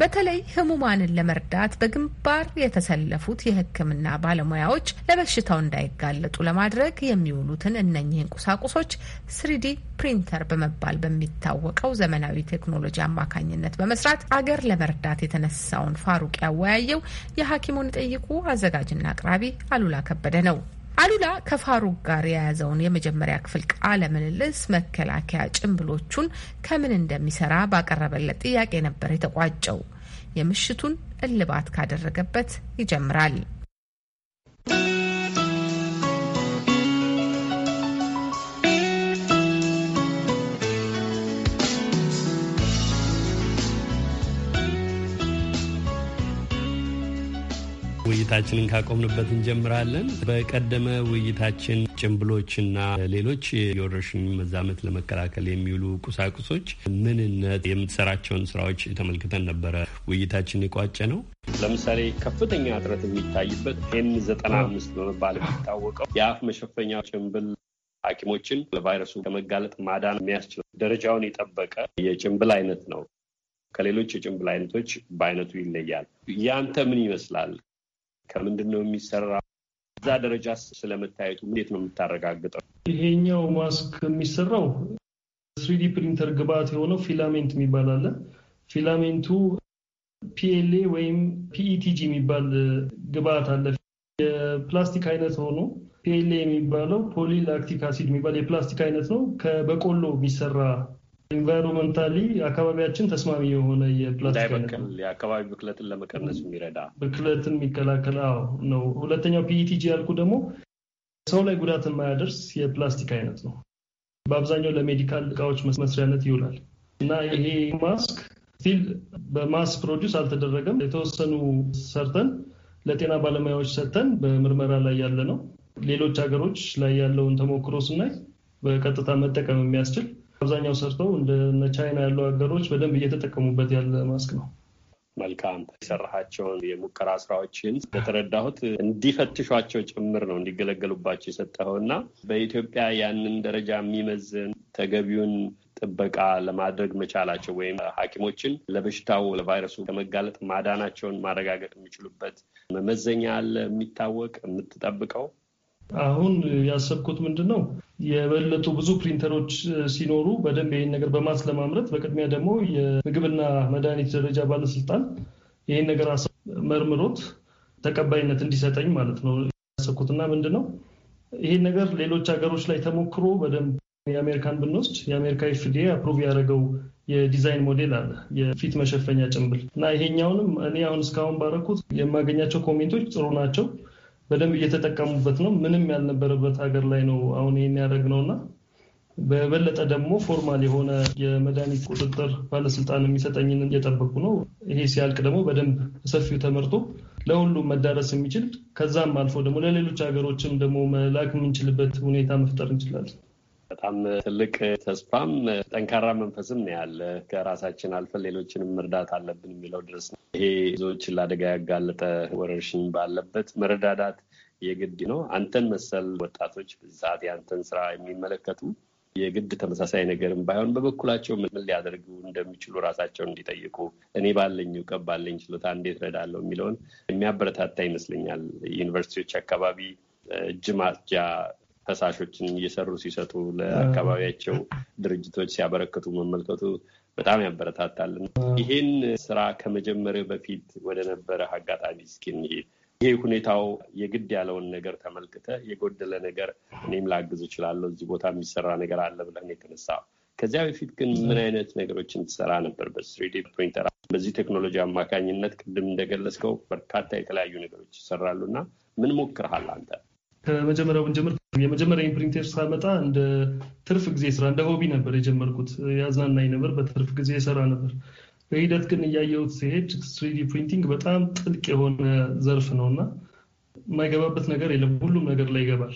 በተለይ ህሙማንን ለመርዳት በግንባር የተሰለፉት የሕክምና ባለሙያዎች ለበሽታው እንዳይጋለጡ ለማድረግ የሚውሉትን እነኚህን ቁሳቁሶች ስሪዲ ፕሪንተር በመባል በሚታወቀው ዘመናዊ ቴክኖሎጂ አማካኝነት በመስራት አገር ለመርዳት የተነሳውን ፋሩቅ ያወያየው የሐኪሙን ጠይቁ አዘጋጅና አቅራቢ አሉላ ከበደ ነው። አሉላ ከፋሩቅ ጋር የያዘውን የመጀመሪያ ክፍል ቃለ ምልልስ መከላከያ ጭንብሎቹን ከምን እንደሚሰራ ባቀረበለት ጥያቄ ነበር የተቋጨው። የምሽቱን እልባት ካደረገበት ይጀምራል። ውይይታችንን ካቆምንበት እንጀምራለን። በቀደመ ውይይታችን ጭንብሎችና ሌሎች የወረርሽኝ መዛመት ለመከላከል የሚውሉ ቁሳቁሶች ምንነት፣ የምትሰራቸውን ስራዎች ተመልክተን ነበረ ውይይታችን የቋጨ ነው። ለምሳሌ ከፍተኛ እጥረት የሚታይበት ኤን ዘጠና አምስት በመባል የሚታወቀው የአፍ መሸፈኛ ጭንብል ሐኪሞችን ለቫይረሱ ከመጋለጥ ማዳን የሚያስችለው ደረጃውን የጠበቀ የጭንብል አይነት ነው። ከሌሎች የጭንብል አይነቶች በአይነቱ ይለያል። ያንተ ምን ይመስላል? ከምንድን ነው የሚሰራ? እዛ ደረጃ ስለመታየቱ እንዴት ነው የምታረጋግጠው? ይሄኛው ማስክ የሚሰራው ስሪዲ ፕሪንተር ግብአት የሆነው ፊላሜንት የሚባል አለ። ፊላሜንቱ ፒኤልኤ ወይም ፒኢቲጂ የሚባል ግብአት አለ። የፕላስቲክ አይነት ሆኖ ፒኤልኤ የሚባለው ፖሊላክቲክ አሲድ የሚባል የፕላስቲክ አይነት ነው። ከበቆሎ የሚሰራ ኢንቫይሮንመንታሊ አካባቢያችን ተስማሚ የሆነ የፕላስቲክ የአካባቢ ብክለትን ለመቀነስ የሚረዳ ብክለትን የሚከላከል ነው። ሁለተኛው ፒኢቲጂ e ያልኩ ደግሞ ሰው ላይ ጉዳት የማያደርስ የፕላስቲክ አይነት ነው። በአብዛኛው ለሜዲካል እቃዎች መስሪያነት ይውላል እና ይሄ ማስክ ስቲል በማስ ፕሮዲውስ አልተደረገም። የተወሰኑ ሰርተን ለጤና ባለሙያዎች ሰጥተን በምርመራ ላይ ያለ ነው። ሌሎች ሀገሮች ላይ ያለውን ተሞክሮ ስናይ በቀጥታ መጠቀም የሚያስችል አብዛኛው ሰርተው እንደ ቻይና ያሉ ሀገሮች በደንብ እየተጠቀሙበት ያለ ማስክ ነው። መልካም የሰራሃቸውን የሙከራ ስራዎችን እንደተረዳሁት እንዲፈትሿቸው ጭምር ነው እንዲገለገሉባቸው የሰጠኸው እና በኢትዮጵያ ያንን ደረጃ የሚመዝን ተገቢውን ጥበቃ ለማድረግ መቻላቸው ወይም ሐኪሞችን ለበሽታው ለቫይረሱ ከመጋለጥ ማዳናቸውን ማረጋገጥ የሚችሉበት መመዘኛ አለ የሚታወቅ የምትጠብቀው አሁን ያሰብኩት ምንድን ነው የበለጡ ብዙ ፕሪንተሮች ሲኖሩ በደንብ ይህን ነገር በማስ ለማምረት በቅድሚያ ደግሞ የምግብና መድኃኒት ደረጃ ባለስልጣን ይህን ነገር መርምሮት ተቀባይነት እንዲሰጠኝ ማለት ነው ያሰብኩትና ምንድን ነው ይህን ነገር ሌሎች ሀገሮች ላይ ተሞክሮ በደንብ የአሜሪካን ብንወስድ የአሜሪካ ኤፍዲኤ አፕሩቭ ያደረገው የዲዛይን ሞዴል አለ፣ የፊት መሸፈኛ ጭንብል እና ይሄኛውንም እኔ አሁን እስካሁን ባረኩት የማገኛቸው ኮሜንቶች ጥሩ ናቸው። በደንብ እየተጠቀሙበት ነው። ምንም ያልነበረበት ሀገር ላይ ነው አሁን ይህን ነው እና በበለጠ ደግሞ ፎርማል የሆነ የመድኃኒት ቁጥጥር ባለስልጣን የሚሰጠኝን እየጠበቁ ነው። ይሄ ሲያልቅ ደግሞ በደንብ ሰፊው ተመርቶ ለሁሉም መዳረስ የሚችል ከዛም አልፎ ደግሞ ለሌሎች ሀገሮችም ደግሞ መላክ የምንችልበት ሁኔታ መፍጠር እንችላለን። በጣም ትልቅ ተስፋም ጠንካራ መንፈስም ነው ያለ። ከራሳችን አልፈን ሌሎችንም መርዳት አለብን የሚለው ድረስ ነው። ይሄ ብዙዎችን ለአደጋ ያጋለጠ ወረርሽኝ ባለበት መረዳዳት የግድ ነው። አንተን መሰል ወጣቶች በዚህ ሰዓት የአንተን ስራ የሚመለከቱ የግድ ተመሳሳይ ነገርም ባይሆን በበኩላቸው ምን ሊያደርጉ እንደሚችሉ ራሳቸውን እንዲጠይቁ እኔ ባለኝ እውቀት ባለኝ ችሎታ እንዴት ረዳለው የሚለውን የሚያበረታታ ይመስለኛል። ዩኒቨርሲቲዎች አካባቢ እጅ ማጽጃ ፈሳሾችን እየሰሩ ሲሰጡ ለአካባቢያቸው ድርጅቶች ሲያበረክቱ መመልከቱ በጣም ያበረታታል። ይህን ስራ ከመጀመሪያ በፊት ወደ ነበረ አጋጣሚ እስኪ እንሄድ። ይሄ ሁኔታው የግድ ያለውን ነገር ተመልክተ የጎደለ ነገር እኔም ላግዝ እችላለሁ፣ እዚህ ቦታ የሚሰራ ነገር አለ ብለን የተነሳ ከዚያ በፊት ግን ምን አይነት ነገሮችን ትሰራ ነበር? በስሪዲ ፕሪንተር በዚህ ቴክኖሎጂ አማካኝነት ቅድም እንደገለጽከው በርካታ የተለያዩ ነገሮች ይሰራሉ እና ምን ሞክርሃል አንተ? ከመጀመሪያው ብንጀምር የመጀመሪያ ኢምፕሪንቴር ሳመጣ እንደ ትርፍ ጊዜ ስራ እንደ ሆቢ ነበር የጀመርኩት። ያዝናናኝ ነበር፣ በትርፍ ጊዜ የሰራ ነበር። በሂደት ግን እያየሁት ሲሄድ ስሪዲ ፕሪንቲንግ በጣም ጥልቅ የሆነ ዘርፍ ነው እና የማይገባበት ነገር የለም፣ ሁሉም ነገር ላይ ይገባል።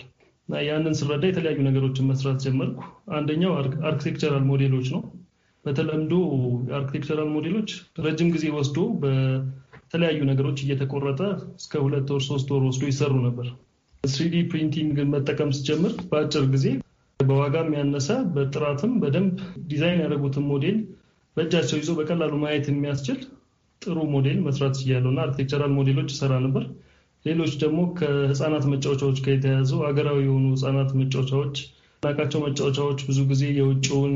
እና ያንን ስረዳ የተለያዩ ነገሮችን መስራት ጀመርኩ። አንደኛው አርኪቴክቸራል ሞዴሎች ነው። በተለምዶ አርኪቴክቸራል ሞዴሎች ረጅም ጊዜ ወስዶ በተለያዩ ነገሮች እየተቆረጠ እስከ ሁለት ወር ሶስት ወር ወስዶ ይሰሩ ነበር። ስሪዲ ፕሪንቲንግ መጠቀም ስጀምር በአጭር ጊዜ በዋጋም ያነሰ በጥራትም በደንብ ዲዛይን ያደረጉትን ሞዴል በእጃቸው ይዞ በቀላሉ ማየት የሚያስችል ጥሩ ሞዴል መስራት እያለው እና አርኪቴክቸራል ሞዴሎች ይሰራ ነበር። ሌሎች ደግሞ ከህፃናት መጫወቻዎች ጋር የተያያዙ አገራዊ የሆኑ ህፃናት መጫወቻዎች ናቃቸው። መጫወቻዎች ብዙ ጊዜ የውጭውን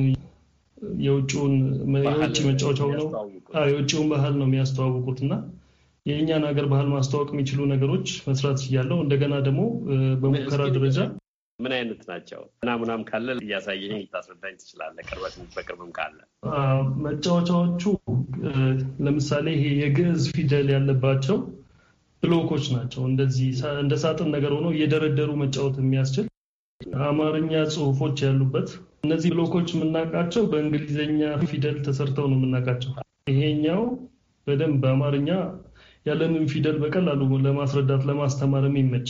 የውጭ መጫወቻ ነው የውጭውን ባህል ነው የሚያስተዋውቁት እና የእኛን ሀገር ባህል ማስተዋወቅ የሚችሉ ነገሮች መስራት እያለው እንደገና ደግሞ በሙከራ ደረጃ ምን አይነት ናቸው? ምናምናም ካለ እያሳየኝ ልታስረዳኝ ትችላለህ። ቅርበት በቅርብም ካለ መጫወቻዎቹ ለምሳሌ ይሄ የግዕዝ ፊደል ያለባቸው ብሎኮች ናቸው። እንደዚህ እንደ ሳጥን ነገር ሆኖ እየደረደሩ መጫወት የሚያስችል አማርኛ ጽሁፎች ያሉበት። እነዚህ ብሎኮች የምናውቃቸው በእንግሊዝኛ ፊደል ተሰርተው ነው የምናውቃቸው። ይሄኛው በደንብ በአማርኛ ያለንን ፊደል በቀላሉ ለማስረዳት ለማስተማር የሚመች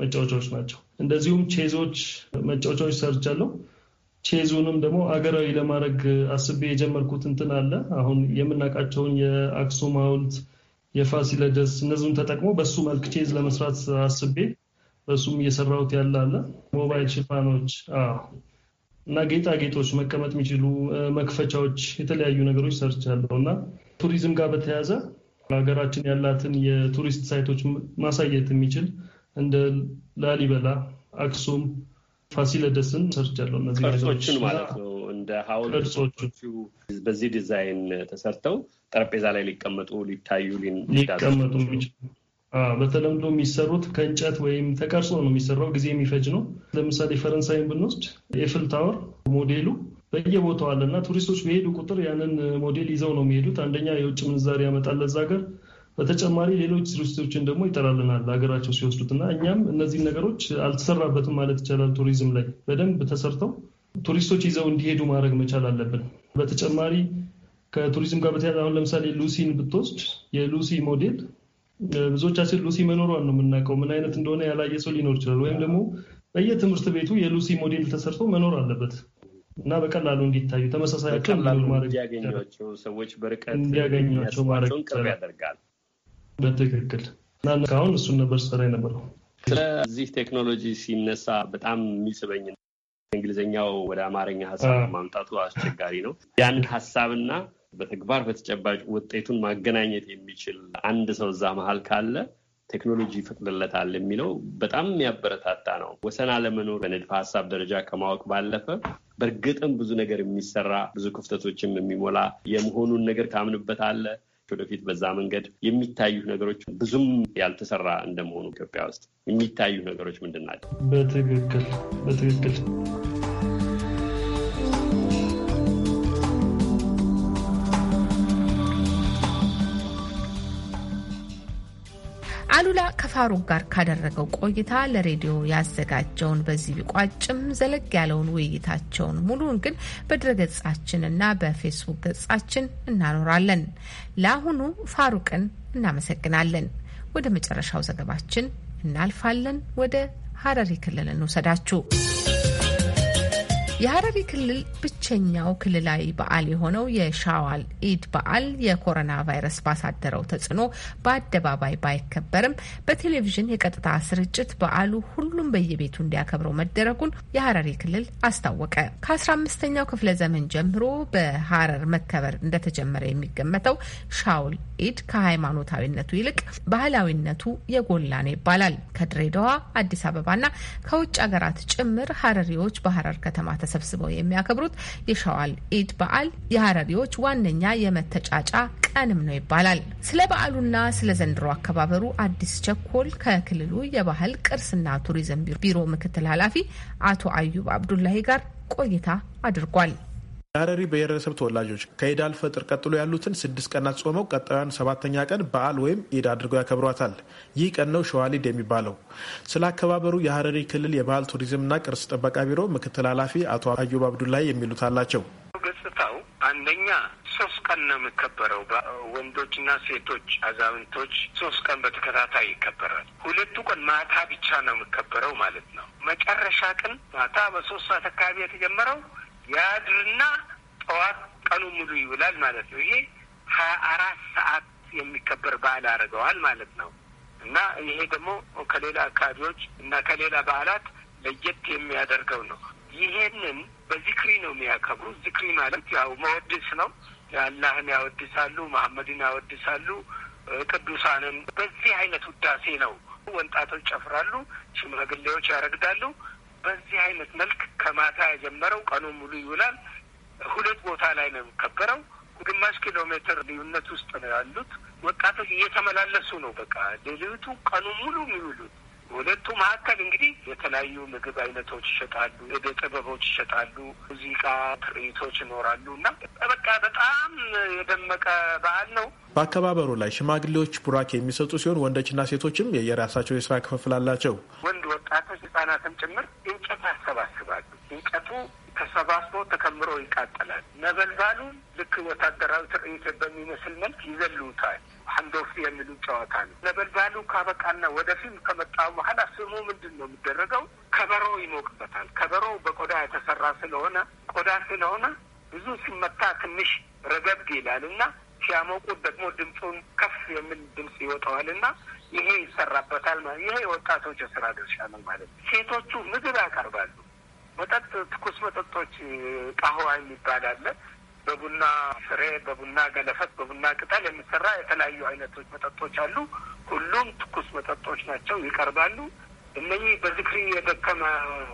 መጫወቻዎች ናቸው። እንደዚሁም ቼዞች መጫወቻዎች ሰርቻለሁ። ቼዙንም ደግሞ አገራዊ ለማድረግ አስቤ የጀመርኩት እንትን አለ። አሁን የምናውቃቸውን የአክሱም ሐውልት፣ የፋሲለደስ እነዚህም ተጠቅሞ በሱ መልክ ቼዝ ለመስራት አስቤ በሱም እየሰራሁት ያለ አለ። ሞባይል ሽፋኖች እና ጌጣጌጦች፣ መቀመጥ የሚችሉ መክፈቻዎች፣ የተለያዩ ነገሮች ሰርቻለሁ እና ቱሪዝም ጋር በተያያዘ ሀገራችን ያላትን የቱሪስት ሳይቶች ማሳየት የሚችል እንደ ላሊበላ፣ አክሱም፣ ፋሲለደስን ሰርቻለሁ። እነዚህ ቅርጾችን ማለት ነው እንደ ሀውልቶቹ በዚህ ዲዛይን ተሰርተው ጠረጴዛ ላይ ሊቀመጡ ሊታዩ ሊቀመጡ በተለምዶ የሚሰሩት ከእንጨት ወይም ተቀርጾ ነው የሚሰራው። ጊዜ የሚፈጅ ነው። ለምሳሌ ፈረንሳይን ብንወስድ ኤፍል ታወር ሞዴሉ በየቦታው አለ እና ቱሪስቶች በሄዱ ቁጥር ያንን ሞዴል ይዘው ነው የሚሄዱት። አንደኛ የውጭ ምንዛሪ ያመጣል ለዛ ሀገር፣ በተጨማሪ ሌሎች ቱሪስቶችን ደግሞ ይጠራልናል ለሀገራቸው ሲወስዱት እና እኛም እነዚህን ነገሮች አልተሰራበትም ማለት ይቻላል። ቱሪዝም ላይ በደንብ ተሰርተው ቱሪስቶች ይዘው እንዲሄዱ ማድረግ መቻል አለብን። በተጨማሪ ከቱሪዝም ጋር በተያያዘ አሁን ለምሳሌ ሉሲን ብትወስድ የሉሲ ሞዴል ብዙዎቻችን ሉሲ መኖሯን ነው የምናውቀው። ምን አይነት እንደሆነ ያላየ ሰው ሊኖር ይችላል። ወይም ደግሞ በየትምህርት ቤቱ የሉሲ ሞዴል ተሰርቶ መኖር አለበት። እና በቀላሉ እንዲታዩ ተመሳሳያቸው እንዲያገኟቸው ሰዎች በርቀት እንዲያገኟቸው ማድረግ ቅርብ ያደርጋል። በትክክል እና እስካሁን እሱን ነበር ስራ የነበረው። ስለዚህ ቴክኖሎጂ ሲነሳ በጣም የሚስበኝ እንግሊዝኛው ወደ አማርኛ ሀሳብ ማምጣቱ አስቸጋሪ ነው። ያን ሀሳብና በተግባር በተጨባጭ ውጤቱን ማገናኘት የሚችል አንድ ሰው እዛ መሀል ካለ ቴክኖሎጂ ይፈቅድለታል የሚለው በጣም የሚያበረታታ ነው። ወሰን አለመኖር በንድፈ ሀሳብ ደረጃ ከማወቅ ባለፈ በእርግጥም ብዙ ነገር የሚሰራ ብዙ ክፍተቶችም የሚሞላ የመሆኑን ነገር ታምንበት አለ። ወደፊት በዛ መንገድ የሚታዩ ነገሮች ብዙም ያልተሰራ እንደመሆኑ ኢትዮጵያ ውስጥ የሚታዩ ነገሮች ምንድን ናቸው? በትክክል በትክክል አሉላ ከፋሩቅ ጋር ካደረገው ቆይታ ለሬዲዮ ያዘጋጀውን በዚህ ቢቋጭም ዘለግ ያለውን ውይይታቸውን ሙሉውን ግን በድረገጻችንና በፌስቡክ ገጻችን እናኖራለን። ለአሁኑ ፋሩቅን እናመሰግናለን። ወደ መጨረሻው ዘገባችን እናልፋለን። ወደ ሀረሪ ክልል እንውሰዳችሁ። የሀረሪ ክልል ብቸኛው ክልላዊ በዓል የሆነው የሻዋል ኢድ በዓል የኮሮና ቫይረስ ባሳደረው ተጽዕኖ በአደባባይ ባይከበርም በቴሌቪዥን የቀጥታ ስርጭት በዓሉ ሁሉም በየቤቱ እንዲያከብረው መደረጉን የሀረሪ ክልል አስታወቀ። ከ15ኛው ክፍለ ዘመን ጀምሮ በሀረር መከበር እንደተጀመረ የሚገመተው ሻውል ኢድ ከሃይማኖታዊነቱ ይልቅ ባህላዊነቱ የጎላ ነው ይባላል። ከድሬዳዋ አዲስ አበባና ከውጭ ሀገራት ጭምር ሀረሪዎች በሀረር ከተማ ተሰብስበው የሚያከብሩት የሸዋል ኢድ በዓል የሀረሪዎች ዋነኛ የመተጫጫ ቀንም ነው ይባላል። ስለ በዓሉና ስለ ዘንድሮ አከባበሩ አዲስ ቸኮል ከክልሉ የባህል ቅርስና ቱሪዝም ቢሮ ምክትል ኃላፊ አቶ አዩብ አብዱላሂ ጋር ቆይታ አድርጓል። የሀረሪ ብሔረሰብ ተወላጆች ከኢድ አልፈጥር ቀጥሎ ያሉትን ስድስት ቀናት ጾመው ቀጣዩን ሰባተኛ ቀን በዓል ወይም ኢድ አድርገው ያከብሯታል። ይህ ቀን ነው ሸዋሊድ የሚባለው። ስለ አከባበሩ የሀረሪ ክልል የባህል ቱሪዝምና ቅርስ ጥበቃ ቢሮ ምክትል ኃላፊ አቶ አዩብ አብዱላይ የሚሉት አላቸው። ገጽታው አንደኛ ሶስት ቀን ነው የሚከበረው። ወንዶችና ሴቶች፣ አዛውንቶች ሶስት ቀን በተከታታይ ይከበራል። ሁለቱ ቀን ማታ ብቻ ነው የሚከበረው ማለት ነው። መጨረሻ ቀን ማታ በሶስት ሰዓት አካባቢ የተጀመረው ያድርና ጠዋት ቀኑ ሙሉ ይውላል ማለት ነው። ይሄ ሀያ አራት ሰዓት የሚከበር በዓል አድርገዋል ማለት ነው እና ይሄ ደግሞ ከሌላ አካባቢዎች እና ከሌላ በዓላት ለየት የሚያደርገው ነው። ይሄንን በዚክሪ ነው የሚያከብሩ። ዚክሪ ማለት ያው መወድስ ነው። አላህን ያወድሳሉ፣ መሐመድን ያወድሳሉ፣ ቅዱሳንን። በዚህ አይነት ውዳሴ ነው ወንጣቶች ጨፍራሉ፣ ሽማግሌዎች ያረግዳሉ። በዚህ አይነት መልክ ከማታ የጀመረው ቀኑ ሙሉ ይውላል። ሁለት ቦታ ላይ ነው የሚከበረው። ግማሽ ኪሎ ሜትር ልዩነት ውስጥ ነው ያሉት ወጣቶች እየተመላለሱ ነው። በቃ ሌሊቱ ቀኑ ሙሉ የሚውሉት ሁለቱ መካከል እንግዲህ የተለያዩ ምግብ አይነቶች ይሸጣሉ፣ እደ ጥበቦች ይሸጣሉ፣ ሙዚቃ ትርኢቶች ይኖራሉ እና በቃ በጣም የደመቀ በዓል ነው። በአከባበሩ ላይ ሽማግሌዎች ቡራኬ የሚሰጡ ሲሆን ወንዶችና ሴቶችም የየራሳቸው የስራ ክፍፍል አላቸው። ወንድ ወጣቶች ህጻናትም ጭምር እንጨት ያሰባስባሉ። እንጨቱ ተሰባስቦ ተከምሮ ይቃጠላል። ነበልባሉን ልክ ወታደራዊ ትርኢት በሚመስል መልክ ይዘሉታል። ሀንዶፍ የሚሉ ጨዋታ ነው። ነበልባሉ ካበቃና ወደፊም ከመጣ በኋላ ስሙ ምንድን ነው የሚደረገው? ከበሮ ይሞቅበታል። ከበሮ በቆዳ የተሰራ ስለሆነ ቆዳ ስለሆነ ብዙ ሲመታ ትንሽ ረገብ ይላል እና ሲያሞቁት ደግሞ ድምፁን ከፍ የሚል ድምፅ ይወጣዋል እና ይሄ ይሰራበታል ማለት ይሄ የወጣቶች የስራ ድርሻ ነው ማለት ነው። ሴቶቹ ምግብ ያቀርባሉ። መጠጥ፣ ትኩስ መጠጦች ቃህዋ የሚባል አለ። በቡና ፍሬ፣ በቡና ገለፈት፣ በቡና ቅጠል የሚሰራ የተለያዩ አይነቶች መጠጦች አሉ። ሁሉም ትኩስ መጠጦች ናቸው፣ ይቀርባሉ። እነኚህ በዝክሪ የደከመ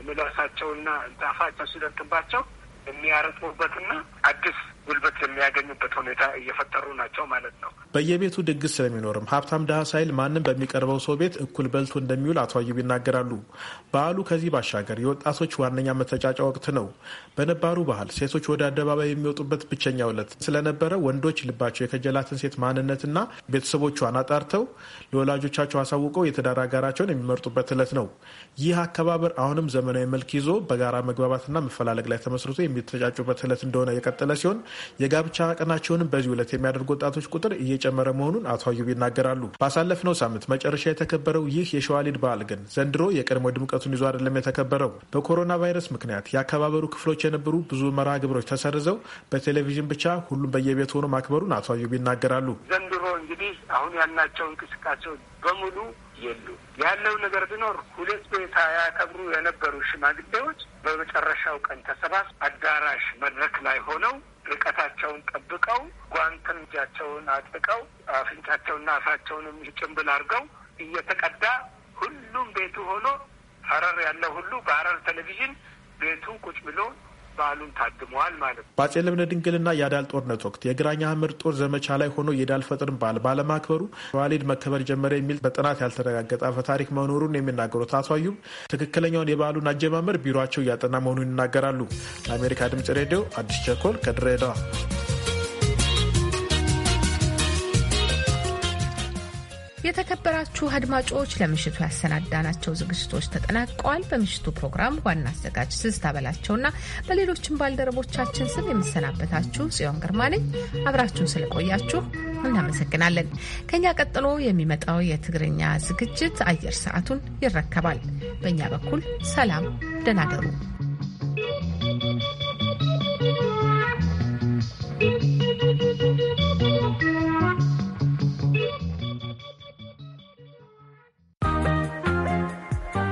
ምላሳቸውና ጣፋቸው ሲደርቅባቸው የሚያረጥሙበትና አዲስ ጉልበት የሚያገኙበት ሁኔታ እየፈጠሩ ናቸው ማለት ነው። በየቤቱ ድግስ ስለሚኖርም ሀብታም ድሀ ሳይል ማንም በሚቀርበው ሰው ቤት እኩል በልቶ እንደሚውል አቶ አዩብ ይናገራሉ። በዓሉ ከዚህ ባሻገር የወጣቶች ዋነኛ መተጫጫ ወቅት ነው። በነባሩ ባህል ሴቶች ወደ አደባባይ የሚወጡበት ብቸኛ ዕለት ስለነበረ ወንዶች ልባቸው የከጀላትን ሴት ማንነትና ቤተሰቦቿን አጣርተው ለወላጆቻቸው አሳውቀው የትዳር አጋራቸውን የሚመርጡበት ዕለት ነው። ይህ አከባበር አሁንም ዘመናዊ መልክ ይዞ በጋራ መግባባትና መፈላለግ ላይ ተመስርቶ የሚተጫጩበት ዕለት እንደሆነ የቀጠለ ሲሆን የጋብቻ ቀናቸውንም በዚህ ዕለት የሚያደርጉ ወጣቶች ቁጥር እየጨመረ መሆኑን አቶ አዩብ ይናገራሉ። ባሳለፍነው ሳምንት መጨረሻ የተከበረው ይህ የሸዋሊድ በዓል ግን ዘንድሮ የቀድሞ ድምቀቱን ይዞ አይደለም የተከበረው። በኮሮና ቫይረስ ምክንያት የአከባበሩ ክፍሎች የነበሩ ብዙ መርሃ ግብሮች ተሰርዘው በቴሌቪዥን ብቻ ሁሉም በየቤት ሆኖ ማክበሩን አቶ አዩብ ይናገራሉ። ዘንድሮ እንግዲህ አሁን ያልናቸው እንቅስቃሴዎች በሙሉ የሉ ያለው ነገር ቢኖር ሁለት ቤታ ያከብሩ የነበሩ ሽማግሌዎች በመጨረሻው ቀን ተሰባስ አዳራሽ መድረክ ላይ ሆነው ርቀታቸውን ጠብቀው ጓንትን እጃቸውን አጥብቀው አፍንጫቸውና አፋቸውንም ጭንብል አድርገው እየተቀዳ ሁሉም ቤቱ ሆኖ ሀረር ያለው ሁሉ በሀረር ቴሌቪዥን ቤቱ ቁጭ ብሎ በዓሉን ታድመዋል ማለት ነው። በአፄ ልብነ ድንግልና የአዳል ጦርነት ወቅት የግራኛ ምር ጦር ዘመቻ ላይ ሆኖ የዳል ፈጥርን በዓል ባለማክበሩ ዋሊድ መከበር ጀመረ የሚል በጥናት ያልተረጋገጠ በታሪክ መኖሩን የሚናገሩት አቶ አዩም ትክክለኛውን የበዓሉን አጀማመር ቢሮቸው እያጠና መሆኑን ይናገራሉ። ለአሜሪካ ድምጽ ሬዲዮ አዲስ ቸኮል ከድሬዳዋ የተከበራችሁ አድማጮች ለምሽቱ ያሰናዳናቸው ዝግጅቶች ተጠናቀዋል። በምሽቱ ፕሮግራም ዋና አዘጋጅ ስዝታ በላቸውና በሌሎችም ባልደረቦቻችን ስም የምሰናበታችሁ ጽዮን ግርማ ነኝ። አብራችሁን ስለቆያችሁ እናመሰግናለን። ከኛ ቀጥሎ የሚመጣው የትግርኛ ዝግጅት አየር ሰዓቱን ይረከባል። በእኛ በኩል ሰላም፣ ደህና እደሩ።